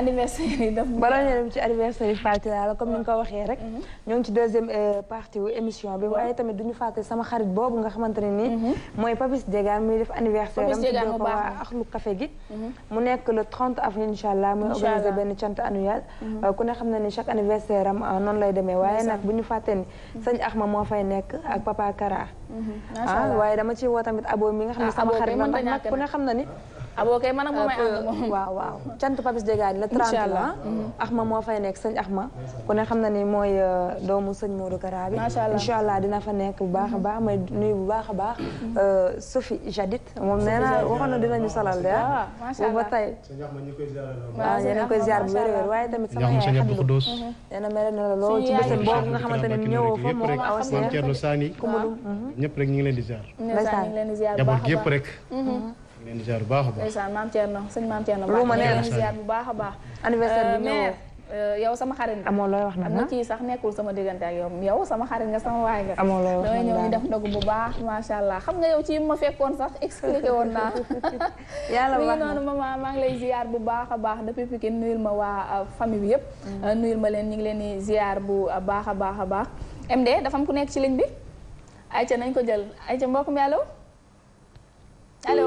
anniversaire yi daf balaa ñu dem comme ni nga ko waxee rek mhm. ñoo ngi ci deuxième euh, partie wu émission bi waaye tamit du ñu fàtte sama xarit boobu nga xamante ne nii mhm. mooy Papis Degaan muy def anniversaire am tuddee ko waa Axlu mhm. mu nekk le 30 avril incha allah muy organiser benn cant annuel euh, ku ne xam na ni chaque anniversaire am euh, noonu lay demee waaye nag bu ñu fàtte ni sëñ ma moo fay nekk ak Papa Kara Mm-hmm. ah waaye dama ci woo tamit abo mi nga xam ne ah, sama xarit la ndax ku ne xam na ni aboo kay man ak moom ay ànd moom waaw waaw mm-hmm. Mm-hmm. moo fay nekk sëñ axma ku ne xam na ni mooy euh, doomu sëñ Modou Kara bi incha allah dina fa nekk bu baax a baax may nuyu bu baax a baax euh, Sophie Jadit moom nee naa waxoon na dinañu salal de ah. Ah, bu ba tey waaw yéen a ngi koy ziar bu wér wér waaye tamit sama yaay Abdou nee na mere na la lool ci bésam boobu nga xamante ne ñëwoo fa moom awa seer ku mu ñëpp rek ñu ngi leen di ziar. ndeysaan ñu ngi leen di ziar bu baax a baax yëpp rek. Mhm. ñu ngi leen di ziar bu baax a baax. ndeysaan maam Thierno sëñ maam Thierno baax a leen di ziar bu baax a baax. anniversaire euh, bi ñëw euh, yow sama xarit nga amoo looy wax nag am ah? kii sax nekkul sama diggante ak yow yow sama xarit nga sama waay nga amoo looy wax damay ñëw ñu def ndog bu baax macha allah xam nga yow ci ma fekkoon sax expliqué woon naa yàlla baax na noonu maman maa ngi lay ziar bu baax a baax depuis Pikine nuyul ma waa euh, famille bi yëpp mm. nuyul ma leen ñu ngi leen di ziar bu baax a baax a baax MD dafa am ku nekk ci ligne bi ayca nañ ko jël ayca mbokk mi allo allo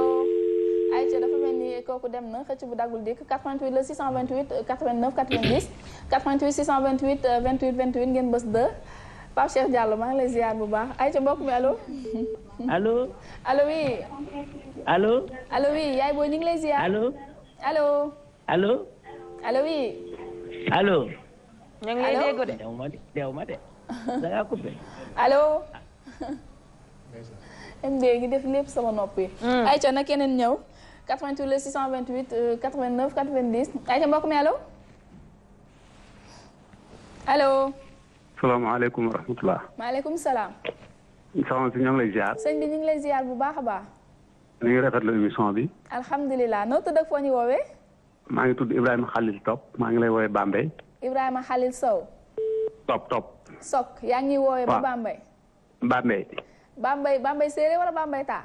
ayca dafa mel ni kooku dem na xëcc bu daggul dikk 88 la 628 89 90 88 628 28 28 ngeen bës 2 Pape Cheikh Diallo maa ngi lay ziar bu baax ayca mbokk mi allo. allo allo oui. allo allo oui yaay booy ñu ngi lay ziar. allo allo. allo. allo oui. allo. ñu ngi lay dégg de. dew ma de dew ma de da ngaa coupé. allo. MD ngi def lépp sama nopp yi. Mm. ayca na keneen ñëw. 88 le 628 89 90 ayca mbokk mi allo. allo. salaamaaleykum wa rahmatulah. maaleykum salaam. soxna si ñoo ngi lay ziar. sëñ bi ñu ngi lay ziar bu baax a baax. ñu ngi rafetlu émission bi. alhamdulilah noo tudd ak foo ñu woowee. maa ngi tudd Ibrahima Khalil Top maa ngi lay woowee Bambey. Ibrahima Khalil Sow. Top Top. Sok yaa ngi ñuy woowee ba Bambey. Bambey. Bambey Bambey séeréer wala Bambey taax.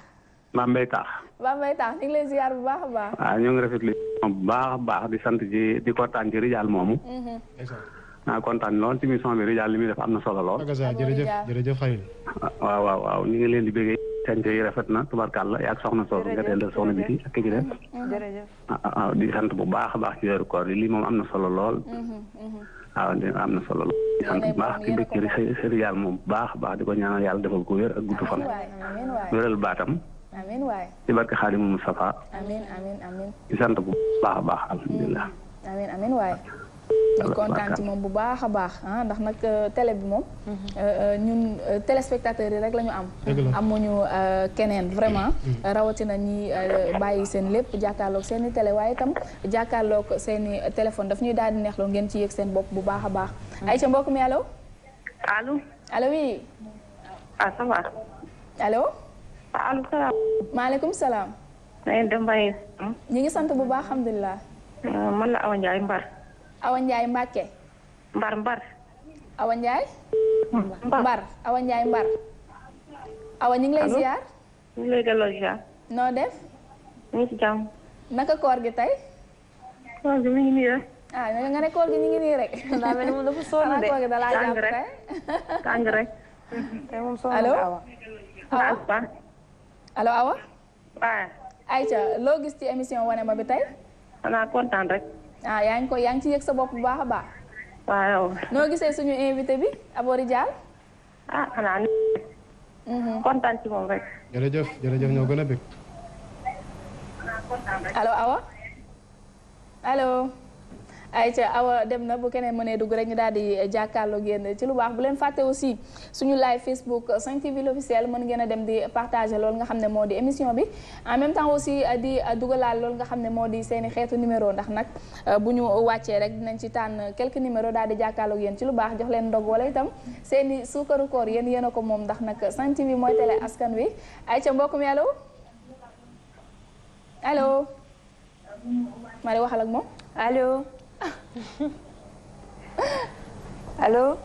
Bambey taax. Bambey taax ñu ngi lay ziar bu baax a baax. waaw ñu ngi di sant ji di kontaan ci Rijal moomu. Mhm. naa kontaan lool ci émission bi rijaal li muy def am na solo lool. jërëjëf jërëjëf xayil. waaw waaw waaw ñu ngi leen di bëggee. sant yi rafet na tubarkàlla yaa ak soxna soosu nga teel bi ci ak ah, ah, ah, bu baax a baax ci weeru koor yi lii moom am na solo lool. Mhm, mhm. waaw am na solo di sant baax di bëgg sëriñ yàlla moom baax baax di ko ñaanal yàlla defal ko wér a gudd fan. wéral baatam. amiin waay di barke Xaadimu Mustafaa. amiin sant bu baax a baax alhamdulilah. amiin di kontaan moom bu baax a baax ah, ndax nag euh, télé bi moom. Mhm. Euh, euh, ñun téléspectateurs yi rek lañu ñu am. amuñu keneen vraiment. Mhm. rawatina ñi bàyyi seen lépp jàkkaarloog seeni i télé waaye itam jàkkaarloog seeni téléphone daf ñuy daal di neex loolu ngeen ci yëg seen bopp bu baax a baax. Mhm. Aïcha mbokk mi allo. allo. allo oui. ah ça va. allo. Ah, allo salaam. maaleykum salaam. na ngi sant bu baax xamdulilah man la Awa Ndiaye Mbar. Awa njaay Mbacke. Mbar Mbar. Awa Ndiaye. Hmm. Mbar Awa Ndiaye Mbar. Awa ñu ngi lay def. naka koor gi tey. koor gi mi ngi nii rek. ah nga ne koor gi ñu ngi nii rek. daa mel moom dafa sonn koor gi da laa jàpp tey. tàng rek. tey moom sonn allo Awa. Awa loo gis ci émission wane ma bi tey. xanaa kontaan rek. ah yaa ngi koy yaa ngi ci yëg sa bopp bu baax a baax. waaw. noo gisee suñu invité bi Abory Diall. ah xanaa nii. Mm-hmm. kontaan ci moom rek. jërëjëf jërëjëf ñoo gën a bëgg. allo Awa allo. ayca awa dem na bu keneen mënee dugg rek ñu daal di jàkkaarloo génn ci lu baax bu leen fàtte aussi suñu live Facebook 5TV l'officiel mën ngeen a dem di partager loolu nga xam ne moo di émission bi en même temps aussi di dugalaal lool nga xam ne moo di seeni xeetu numéro ndax nag euh, bu ñu wàccee rek dinañ ci tànn quelques numéro daal di jàkkaarloo yéen ci lu baax jox leen ndog wala itam seeni suukaru koor yéen yéen a ko moom ndax nag 5TV mooy télé askan wi ayca mbokk mi allo allo Marie allo.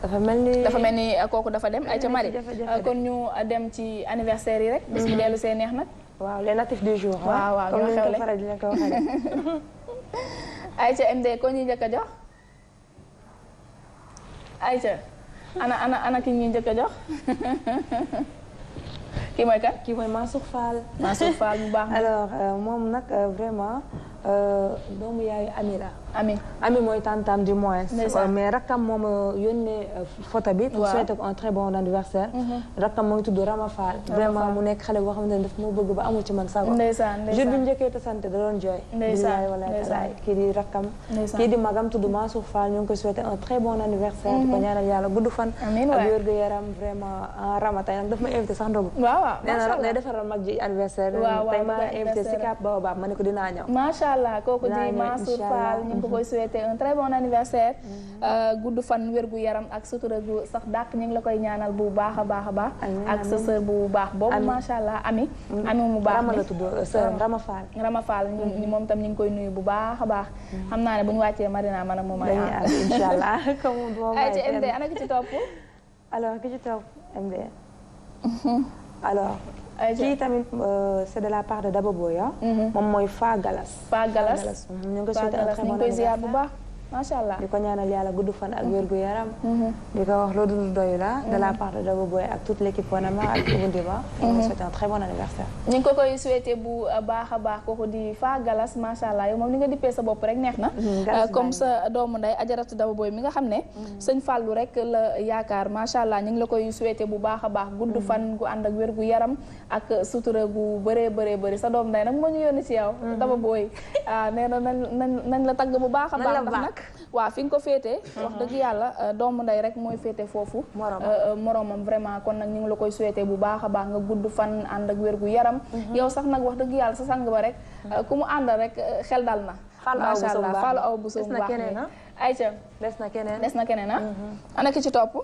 dafa mel ni dafa mel ni eh, kooku dafa dem. ayca Marie eh, kon ñu eh, dem ci anniversaire yi rek. bis bi mm-hmm. dellu see neex nag. waaw les natifs du jour. waaw waaw ñoo xewle comme ni ko faral njëkk a jox. ayca ana ana ana ki ñuy njëkk a jox. kii mooy kan. kii mooy Mansour Fall. Mansour Fall bu baax. alors euh, moom nag euh, vraiment. Euh, doomu yaayu Amira ami ami mooy tantam du mais rakkam moom yónnee euh, bi. pour souhaiter un très bon anniversaire. Mm-hmm. rakkam moo ngi tudd Rama Fall. vraiment mu nekk xale boo xamante ne ma bëgg ba amul ci man sago. ndeysaan ndeysaan jour bi njëkkee te kii di rakkam. kii di magam tudd Mansour Fall ñu ngi koy souhaiter un très bon anniversaire. di ko mm-hmm. ñaanal yàlla gudd fan. amiin waay ak wérgu yaram vraiment Rama tey nag daf ma invité sax ndogu. waaw waaw nee na lay defaral mag ji anniversaire. waaw waaw tey ma invité si Cap Baobab ma ne ko dinaa ñëw. macha allah kooku di ngi ko koy souhaiter un très bon anniversaire. Mhm. Euh, gudd fan wér gu yaram ak sutura gu sax dàq ñu ngi la koy ñaanal bu baax a baax a baax. ak sa sœur bu baax boobu macha allah ami. ami mu baax Rama la tudd euh, sœur Rama Fall. Mhm. moom tam ñu ngi koy nuyu bu baax a baax. Mhm. xam naa ne bu wàccee Marina man moom ay am incha allah comme boo may ci MD ana ki ci topp. alors ki ci topp MD. alors. kii tamit euh, c'est de la part de Daba Boya. Ah. Mhm. moom mooy Fa Galas. Fa Galas ñu ngi koy ziar bu baax. macha allah di ko ñaanal yàlla gudd fan ak mhm. wér yaram. Mhm. di ko wax loolu du doy la. de la part de Daba ak toute l' équipe Bonama ak Ibundiba. ñu ngi souhaité un très bon anniversaire. ñu ngi ko koy souhaité bu baax a baax kooku di Fa Galas macha moom ni nga dippee sa bopp rek neex na. Euh, comme sa doomu nday ajaratu Daba Boy mi nga xam ne. sëñ Fallou rek la yaakaar macha allah ñu ngi la koy suweetee bu baax a baax. gudd fan gu ànd ak wér gu yaram. ak sutura gu bëree bëree bëri sa doom day nag moo ñu yónni ci yow. Mhm. dama booy ah nee na nañ nañ la tagg bu baax a baax. ndax nag waa fi nga ko féetee. Mhm. wax dëgg yàlla euh, doomu nday rek mooy féete foofu. Euh, euh, moromam vraiment kon nag ñu ngi la koy souhaité bu baax a baax nga gudd fan ànd ak wér gu yaram. Mhm. yow sax nag wax dëgg yàlla sa sang ba rek. ku mu àndal rek xel dal na. macha allah faalu aw bu soo bu baax ah? Aïcha des na keneen des na keneen ah. ana ki ci topp.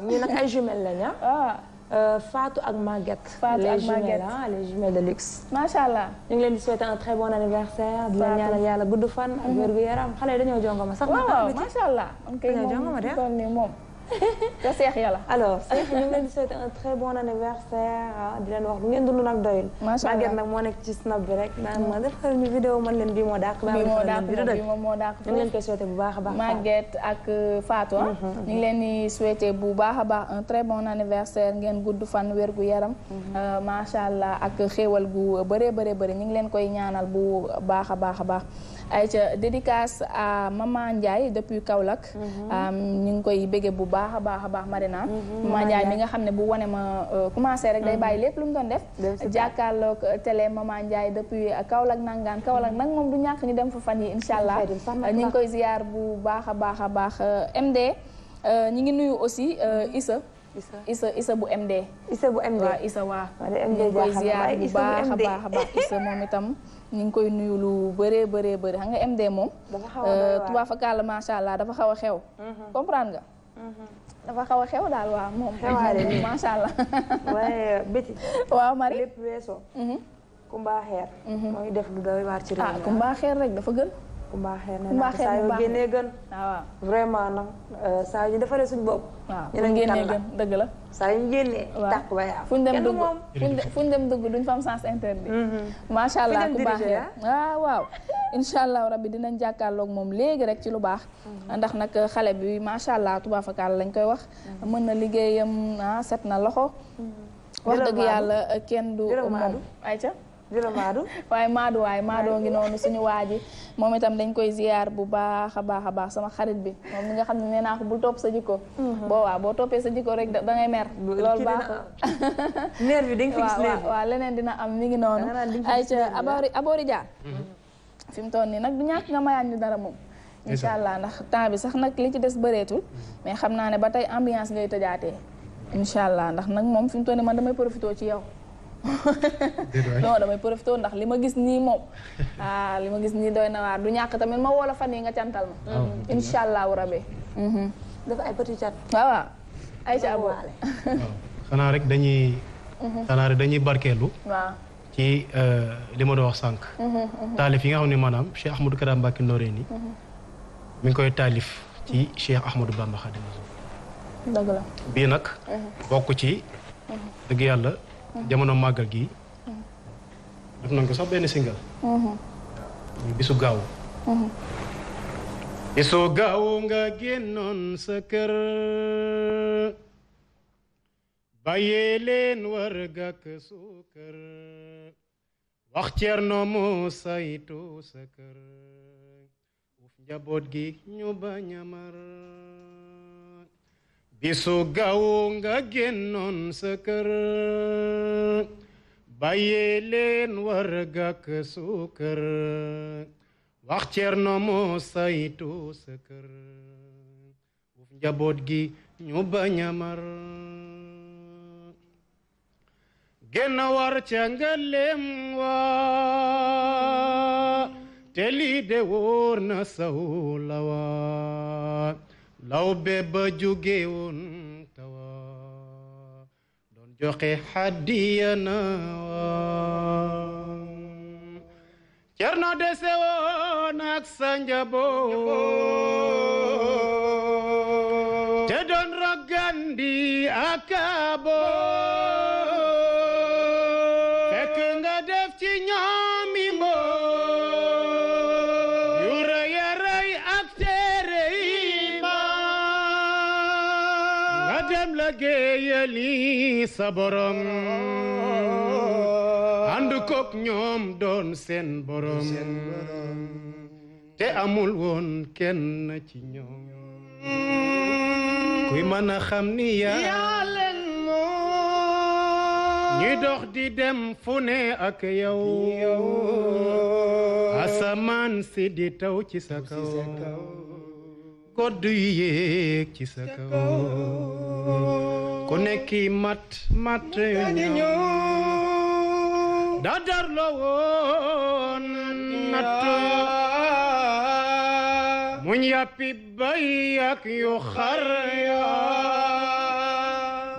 nag ay jumelles lañ ah? ah. Euh, Fatou ak Maguette. Fatou ak Maguette les jumelles de luxe. macha allah ñu leen di souhaiter un très bon anniversaire. la ñaanal yàlla gudd fan. ak mhm. wér gu yaram xale yi dañoo jongoma sax. waaw macha allah dañoo jongoma de. te seex yàlla. alors seex ñu ngi leen di souhaiter un très bon anniversaire ah, di leen wax bu ngeen dund nag doyul. macha allah nag moo nekk ci snap bi rek. naan ma defal ñu vidéo man leen bii moo dàq. bii moo dàq bii moom moo dàq. ñu ngi leen koy souhaiter bu baax a baax. Maguette ak euh, Fatou. Ah. Mm-hmm, mm-hmm. ñu ngi leen di souhaiter bu baax a baax un très bon anniversaire ngeen gudd fan wér gu yaram. Mm-hmm. Euh, macha allah ak xéewal gu bëree bëri bëri ñu ngi leen koy ñaanal bu baax a baax a baax. ayca dédicace à maman Ndiaye depuis Kaolack. Mhm. ñu ngi koy bége bu baax a baax a baax Marina. Mhm, maman Ndiaye mi nga xam ne bu wane ma euh, commencé rek day mhm. bàyyi lépp lu mu doon def. jàkkaarloog télé maman Ndiaye depuis Kaolack nangaan Kaolack nag moom du ñàkk ñu dem fa fan yi incha allah ñu ngi koy ziar bu baax a baax a baax euh, MD. Euh, ñu ngi nuyu aussi Issa. Issa bu MD. Issa bu MD waaw Issa bu baax Issa moom itam. ñu ngi koy nuyu lu bëree bëree bëri xam nga MD moom. a euh, tubaab fakkaala macha allah dafa xaw a xew. Mhm. comprendre nga. Mhm. dafa xaw a xew daal waaw moom. xewaale bi waaw Marie lépp mhm. xeer. mooy def lu doy waar ah, xeer rek dafa gën. ku baaxee nee na saa yu génnee vraiment nag euh, saa yu ñu defaree suñu bopp. waaw génnee gën dëgg la. saa yu ñu waaw tàq ba yaa fu ñu dem dugg fu ñu dem dugg duñ fa sens interdit. Mhm. macha allah ku ah. Ah, waaw waaw. incha allah rabbi dinañ jàkkaarloog moom léegi rek ci lu baax. Mhm. ndax nag xale bi macha allah tubaafakaal lañ koy wax. Mhm. mën na liggéeyam ah, set na loxo. wax dëgg yàlla kenn du moom ayca. dina maadu waaye maadu waaye maadoo ngi noonu suñu waa ji moom itam dañ koy ziyaar bu baax a baax a baax sama xarit bi moom mi nga xam ne nee naa ko bul topp sa jikko mhm. boo waaw boo toppee sa jikko rek da ngay mer loolu baax nerf bi dañ ko gis waaw leneen dina am mi ngi noonu ay ca abori abori mhm. fi mu toll nii nag du ñàkk nga mayaat ñu dara moom incha allah ndax temps bi sax nag li ci des bëreetul mhm. mais xam naa ne ba tey ambiance ngay tëjaatee incha allah ndax nag moom fi mu toll nii man damay profité ci yow non li ma gis nii moom ah li ma gis nii doy na waar du ñàkk tamit ma woo yi nga cantal ma ah, mm-hmm. insha mm-hmm. allahu xanaa rek dañuy mm-hmm. xanaa dañuy barkeelu ci euh, li ma doon wax sànq taalif yi nga xam ne maanaam Cheikh Ahmadou Kara Mbacké Noreyni mi ngi koy taalif ci Cheikh Ahmadou Bamba bii nag bokk ci dëgg yàlla Mhm. jamono màggal gi def nañ ko sax benn single mhm. bisu gaaw mhm. bisu gaaw nga génnoon sa kër bàyyee leen war gàkk suukar wax Ceerno mu saytu sa kër uf njaboot gi ñu bañ a bisu gaaw nga génnoon sa kër bàyyee war gàkk suukar wax Cerno moo saytu sa kër wuf njaboot gi ñu bañ a war ca nga leem waa te de wóor na saw la lawbe ba jóge woon doon joxe hadiya cerno dese woon ak sa njaboot doon rogandi akabo lii sa borom ànd kook ñoom doon seen borom te amul woon kenn ci ñoom kuy mën a xam ni yaa dox di dem fu ne ak yow asamaan si di taw ci sa kaw kodd yi yéeg ci sa kaw ku nekk mat mat ñu dadar la woon nat muñ yàppi bay ak yu xar ya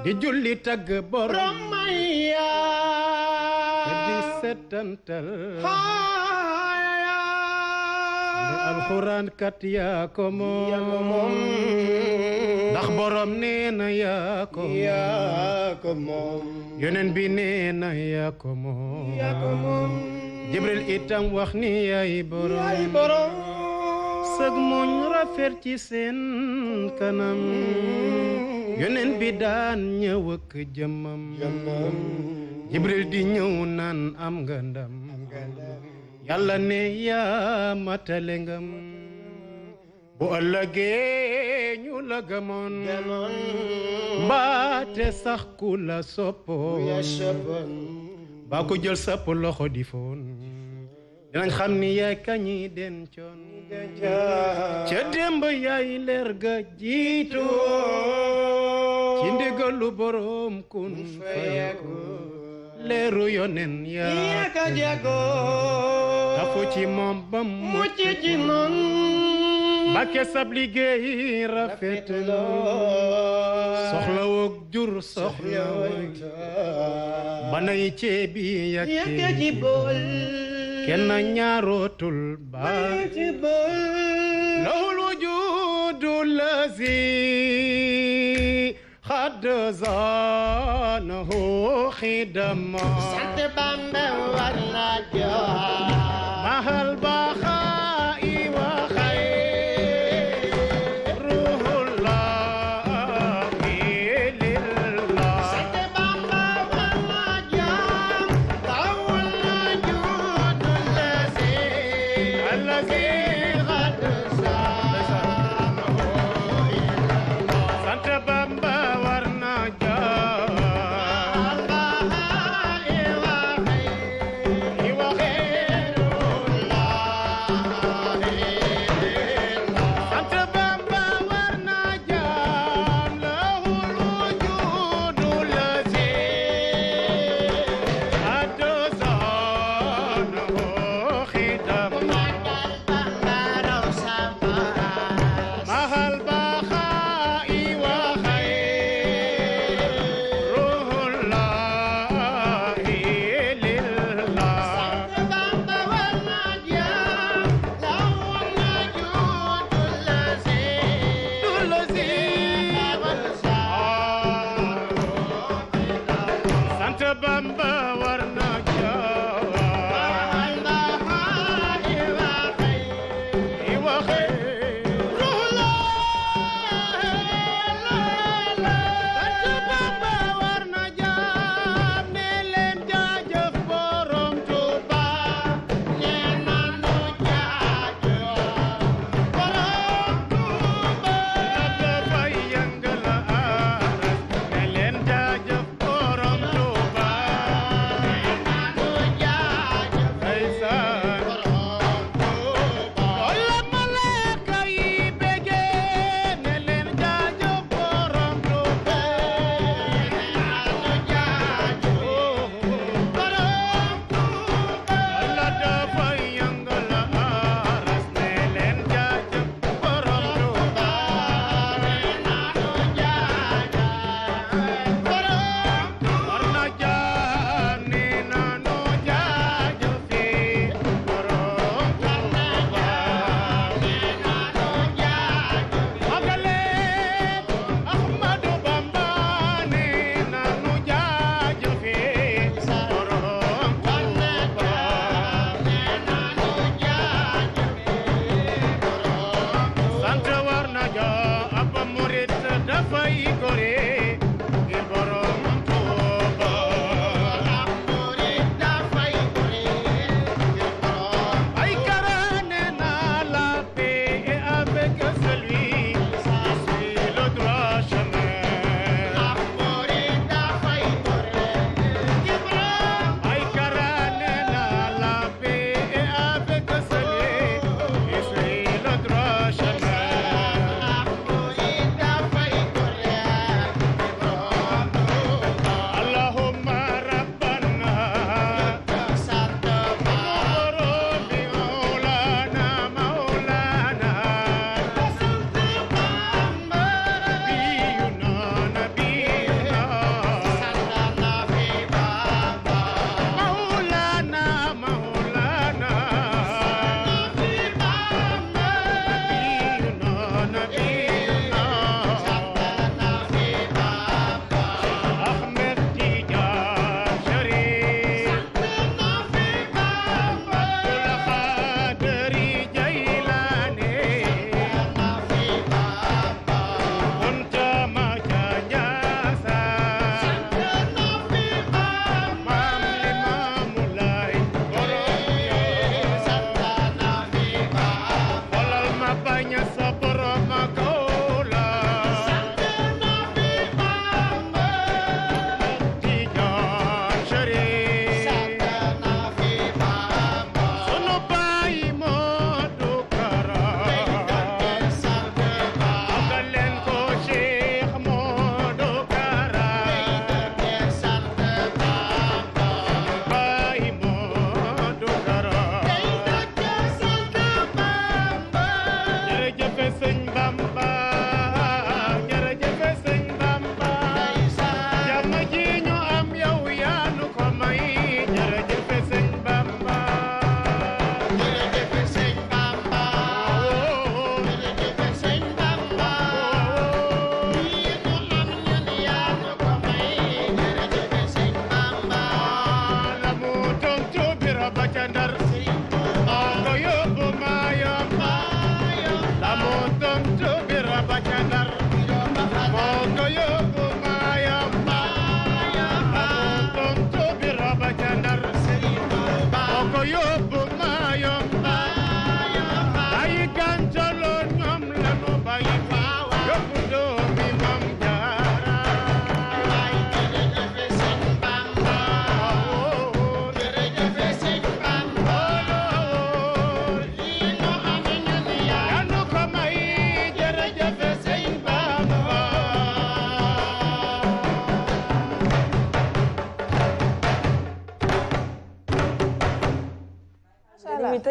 di julli tagg borom ya di setantal alxuraan kat yaa ko moom ndax borom nee yaa ko moom yoneen bi nee yaa ko moom jibril itam wax ni yaay borom sëg muñ rafet ci seen kanam yoneen bi daan ñëw ak jëmmam jibril di ñëw naan am nga yàlla ne yaa matale ngam bu ëllëgee ñu la gëmoon mbaate sax ku la soppoon baa ko jël sapp loxo di foon dinañ xam ni yaay kañi dencoon ca démb yaay leer jiitoon ci ndigalu boroom kun fayakoon leeru yonen yaa ka jagoo tafu ci moom ba mucc ci noon Mbàkke sab liggéey rafet lool soxla woog jur soxla woog banay ceebi yakke ci bool kenn ñaarootul ba ci bool lahul wujudu lazi xad zaanahu xidama sant Bamba war la jox mahal ba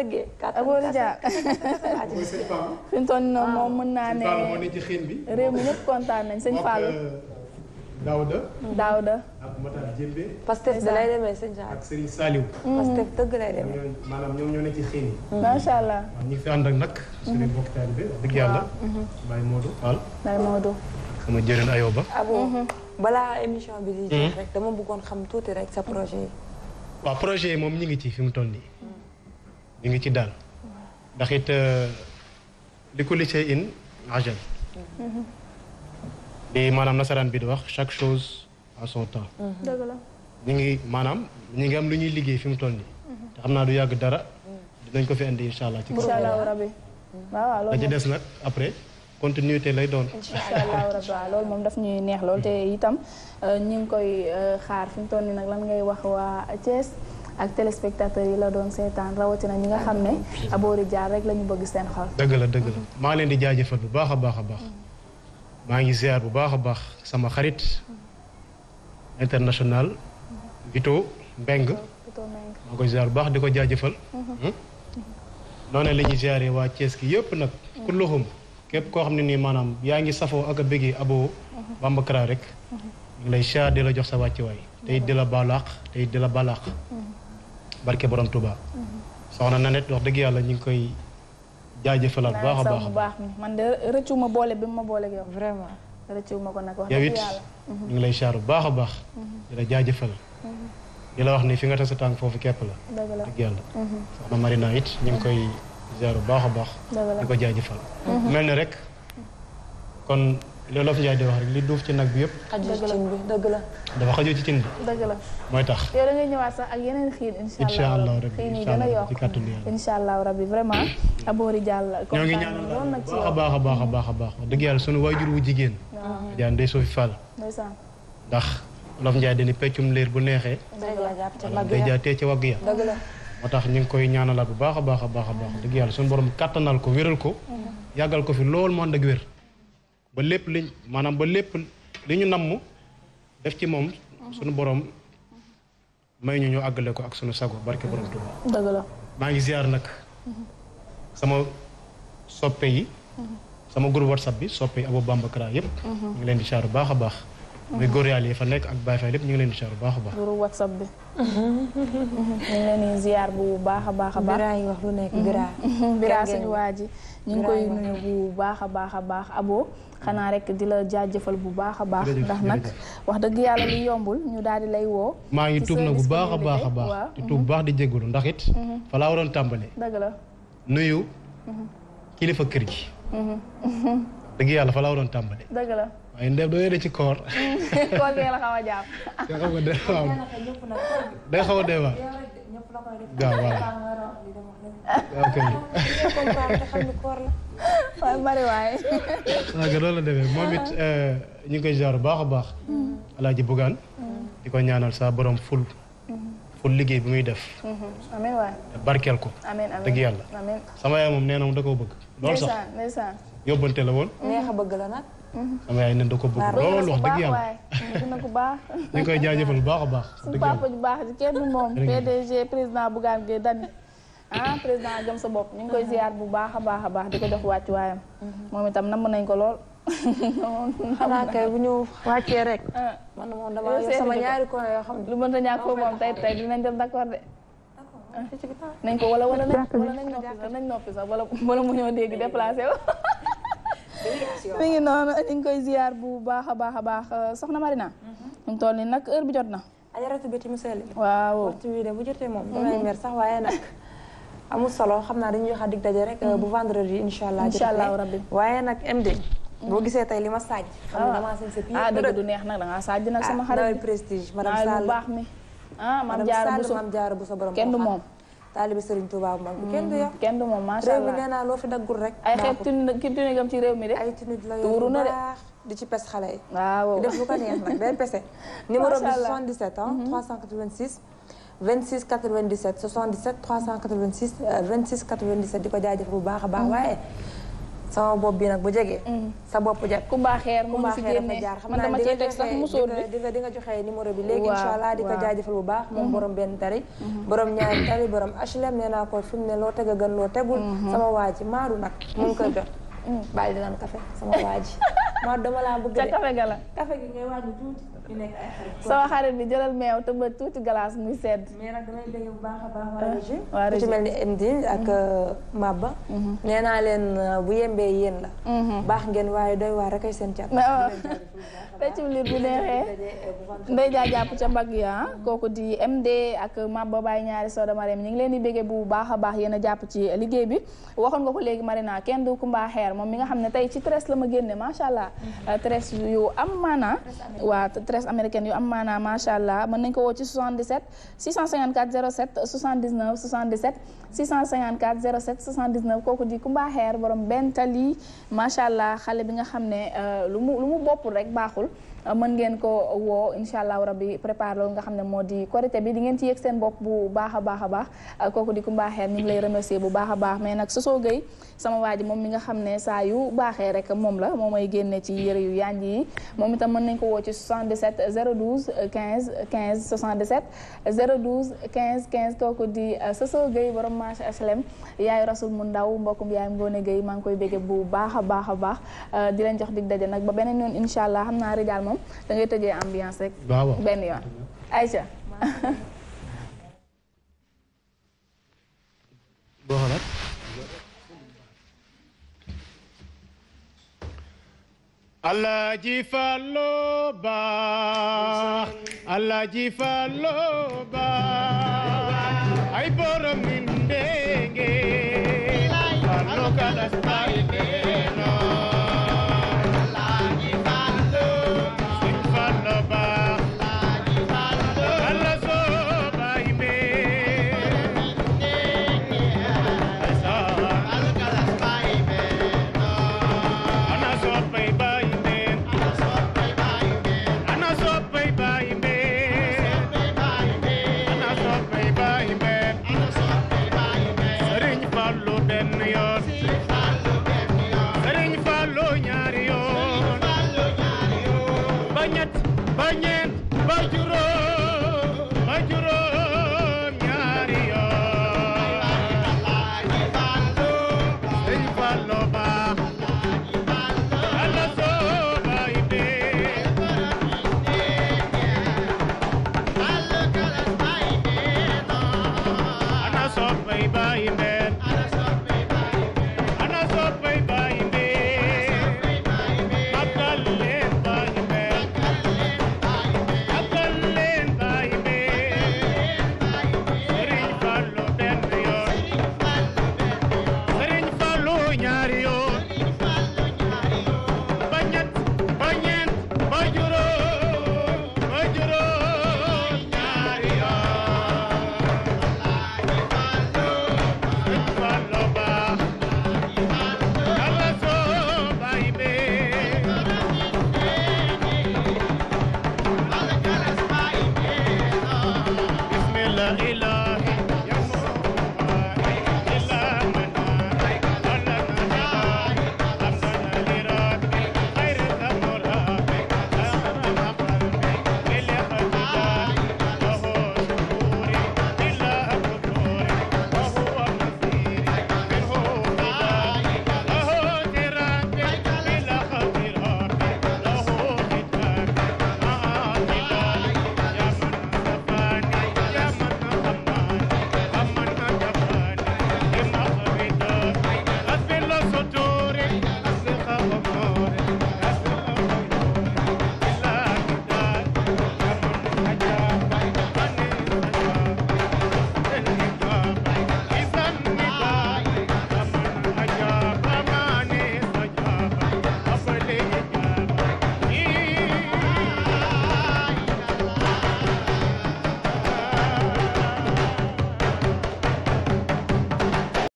tëggee. kattan kattan fi mu toll nii moom mën naa ah. ne. réew mi ñëpp kontaan nañ sëñ Fallou. Euh, Daouda. Daouda. ak Matar Jembe. Pastef da lay demee sëñ Fallou. ak Serigne Saliou. Mm. dëgg lay maanaam ñoom ñoo ne ci mm. allah. ñu ngi fi ànd nag. suñu mbokk taalibe dëgg yàlla. Mm-hmm. Mm-hmm. Baye Modou Fall. Baye Modou. ak sama jërën Ayoba. Mm-hmm. balaa émission bi di jeex rek dama bëggoon xam tuuti rek sa projet yi. projet moom ñu ngi ci fi mu toll nii. ñu ngi ci daal ndax it euh, li ko lisee in ajal mm-hmm. li maanaam nasaraan bi di wax chaque chose à son temps mm-hmm. ñu ngi maanaam ñu ngi am lu ñuy liggéey fi mu toll ni mm-hmm. te xam naa du yàgg dara dinañ ko fi indi incha allah ci incha waaw loolu des lay doon moom daf ñuy neex lool te itam euh, ñu ngi koy euh, xaar fi toll nii nag lan ngay wax waa Thiès ak téléspectateurs yi la doon seetaan rawatina ñi nga xam ne aboori jaar rek la ñu bëgg seen xol. dëgg la dëgg la maa ngi leen di jaajëfal bu baax a baax a baax mm-hmm. maa ngi ziar bu baax a baax sama xarit mm-hmm. international mm-hmm. Vito Mbeng maa koy ziar bu baax di ko jaajëfal. Hmm? noonu la ñuy ziaree waa Thiès ki yëpp nag. ku loxum képp koo xam ne nii maanaam yaa ngi safoo ak a bëggee abo Bambakara rek. ñu ngi lay ziar di la jox sa wàccuwaay. tey di la balaax tey di la barke borom Touba. soxna na net wax dëgg yàlla ñu ngi koy jaajëfalaat. baax a baax a baax man de rëccu ma boole bi ma boole yow vraiment rëccu ma ko nag wax ñu ngi lay saaru baax a baax. Mhm. di la jaajëfal. Mhm. di la wax ni fi nga tase tànk foofu képp la. dëgg la dëgg yàlla. Mhm. soxna Marina it ñu ngi koy saaru baax a baax. dëgg la di ko jaajëfal. mel ni rek kon. loolu la fi jaay li duuf ci nag bi yëpp. xajul ci cin bi dëgg la. dafa xajul ci cin bi. dëgg la mooy tax. yow da ñëwaat sax ak yeneen xiin. incha allahu rabi xiin yi gën a vraiment. Mm-hmm. aboori jàll. ñoo ngi ñaanal lool baax a baax a baax a baax dëgg yàlla sunu waajur wu jigéen. waaw jaan day Sofi Fall. ndeysaan ndax Wolof Njaay dañuy peccum liir bu neexee. dëgg la jàpp ca mag ya moo tax ñu ngi koy ñaanalaat bu baax a baax a baax a baax dëgg yàlla sunu borom kàttanal ko wéral ko mm-hmm. yàggal ko fi lool moo ànd ak wér ba lépp liñ maanaam ba lépp li ñu namm def ci moom suñu boroom may ñu ñu àggale ko ak suñu sago barke borom Tuuba maa ngi ziar nag sama soppe yi sama groupe whatsapp bi soppe yi Abou Bambakara yëpp mhm. ñu ngi leen di chaaru baax a baax muy góor yi fa nekk ak Baye lépp ñu leen di chaaru baax baax groupe whatsapp bi mhm. ñu ngi bu baax a baax a baax biraa yi mhm. waa ji ñu baax a baax a baax aboo xanaa rek di la jaajëfal bu baax a baax ndax nag wax dëgg yàlla li yombul ñu daal di lay woo maa ngi tuub na bu baax a baax a baax di tuub baax di jégalu ndax it mhm. fa laa waroon tàmbalee dëgg la nuyu mhm. kilifa kër gi mhm. dëgg yàlla fa laa waroon tàmbalee dëgg la waaye ndem doo ci koor xaw a jàpp a dee waaw waaw Mari waay. waaw que la demee moom it ah. euh, ñu ngi koy jaar baax a baax. Mm. alaaji bugaan. Mm. di koy ñaanal sa boroom ful. Mm-hmm. ful liggéey bi muy def. Mm-hmm. barkeel ko. dëgg yàlla. amiin sama yaay moom nee na moom da koo bëgg. loolu sax ndeysaan yóbbante la woon. Mm-hmm. neex a bëgg la nag. sama yaay nen ko bëgg loolu wax dëgg yàlla ñu koy jaajëfal bu baax a baax. suñu papa baax kenn moom PDG président Bougane Gueye Dany ah président jëm sa bopp ñu ngi koy ziar bu baax a baax a baax di ko jox wàccu waayam mhm. moom itam namm nañ ko lool xanaa kay bu ñu wàccee rek ah. man moom dama yor sama ñaari ko yoo xam lu mënta ñàkk foofu moom tey tey dinañ dem d'accord de ah. nañ ko wala wala nañ noppi sax wala wala mu ñoo dégg déplacé wu mi ngi noonu ñu ngi koy ziar bu baax a baax a baax euh, soxna Marina ñu mhm. toll nii nag heure bi jot na ajaratu bi timu seel waaw waxtu bu jotee moom damay sax waaye nag amul solo xam naa dañuy wax dig daje rek. Euh, bu mm-hmm. vendredi incha allah. incha allah rabbi waaye nag MD. Mm-hmm. boo gisee tey li ma saaj. xam nga ah. damaa seen sa pied ah dëgg du neex nag da ngaa saaj nag sama ah, xarit bi prestige madame Sall bu baax mi ah maam jaara bu sa maam jaara bu sa borom kenn moom taalibi Serigne Touba bu mag bi kenn mm-hmm. kenn moom macha allah mi nee naa loo fi daggul rek ay xeet tuni ki tuni gam ci réew mi de ay tuni la yor na de ci pes xale yi waaw def lu ko neex nag day pese numéro bi 77 386 26 97 77 386 26 97 di ko jaajëf bu baax a baax mm. waaye. sama bopp bi nag bu jege. Mm. sa bopp jag ku baaxeer mu si génne man bi di nga di nga bu baax. moom mm-hmm. borom benn tari. Mm-hmm. borom ñaari tari borom naa ko fi ne loo teg a gën loo tegul. Mm-hmm. sama waa ji maaru nag mu ngi koy jot. Mm. bàyyi di naan café sama waa ji. dama laa bëgg de. ñu xarit. sama xarit bi jëlal meew te ba tuuti glace muy sedd. mais nag damay dégg bu baax a baax waa ah, mel ni Mdi ak mhm. euh, Maba. Mhm. nee naa leen euh, bu yembee yéen la. Mhm. baax ngeen waaye doy waa rek ay seen càpp. ma ah. liir bu neexee ndey jaa jàpp ca mbagg ya kooku di MD ak Maba Baye ñaari Soda Marème ñu ngi leen di béggee bu baax baax yéen a jàpp ci liggéey bi waxoon nga ko léegi Marina kenn du ku Xeer moom mi nga xam ne tey ci tresse la ma génne macha allah. Euh, tresse yu am maanaa waa presse américaine yu am maanaam macha allah mën nañ ko woo ci 77 654 07 79 77 654 07 79 kooku di Kumba Xeer borom benn tali macha allah xale bi nga xam ne euh, lu mu lu mu boppul rek baaxul. mën ngeen ko woo incha allah rabbi prépare loolu nga xam ne moo di korité bi di ngeen ci yëg seen bopp bu baax a baax a baax ah, kooku di Kumba Xeer ñu ngi lay remercier bu baax a baax mais nag Soso Gueye sama waa ji moom mi nga xam ne saa yu baaxee rek moom la moom mooy génne ci yëre yu yanj yi moom itam mën nañ ko woo ci 77 012 15 15 77 012 15 15 kooku di ah, Soso Gueye borom marché HLM yaayu rasul mu ndaw mbokkum yaayam Ngoone Gueye maa ngi koy bégge bu baax a baax a baax ah, di leen jox dig daje nag ba beneen yoon incha allah xam naa rijaal moom da ngay tëjee ambiance rek. benn yoon Aïcha. boo ay borom mi ndenge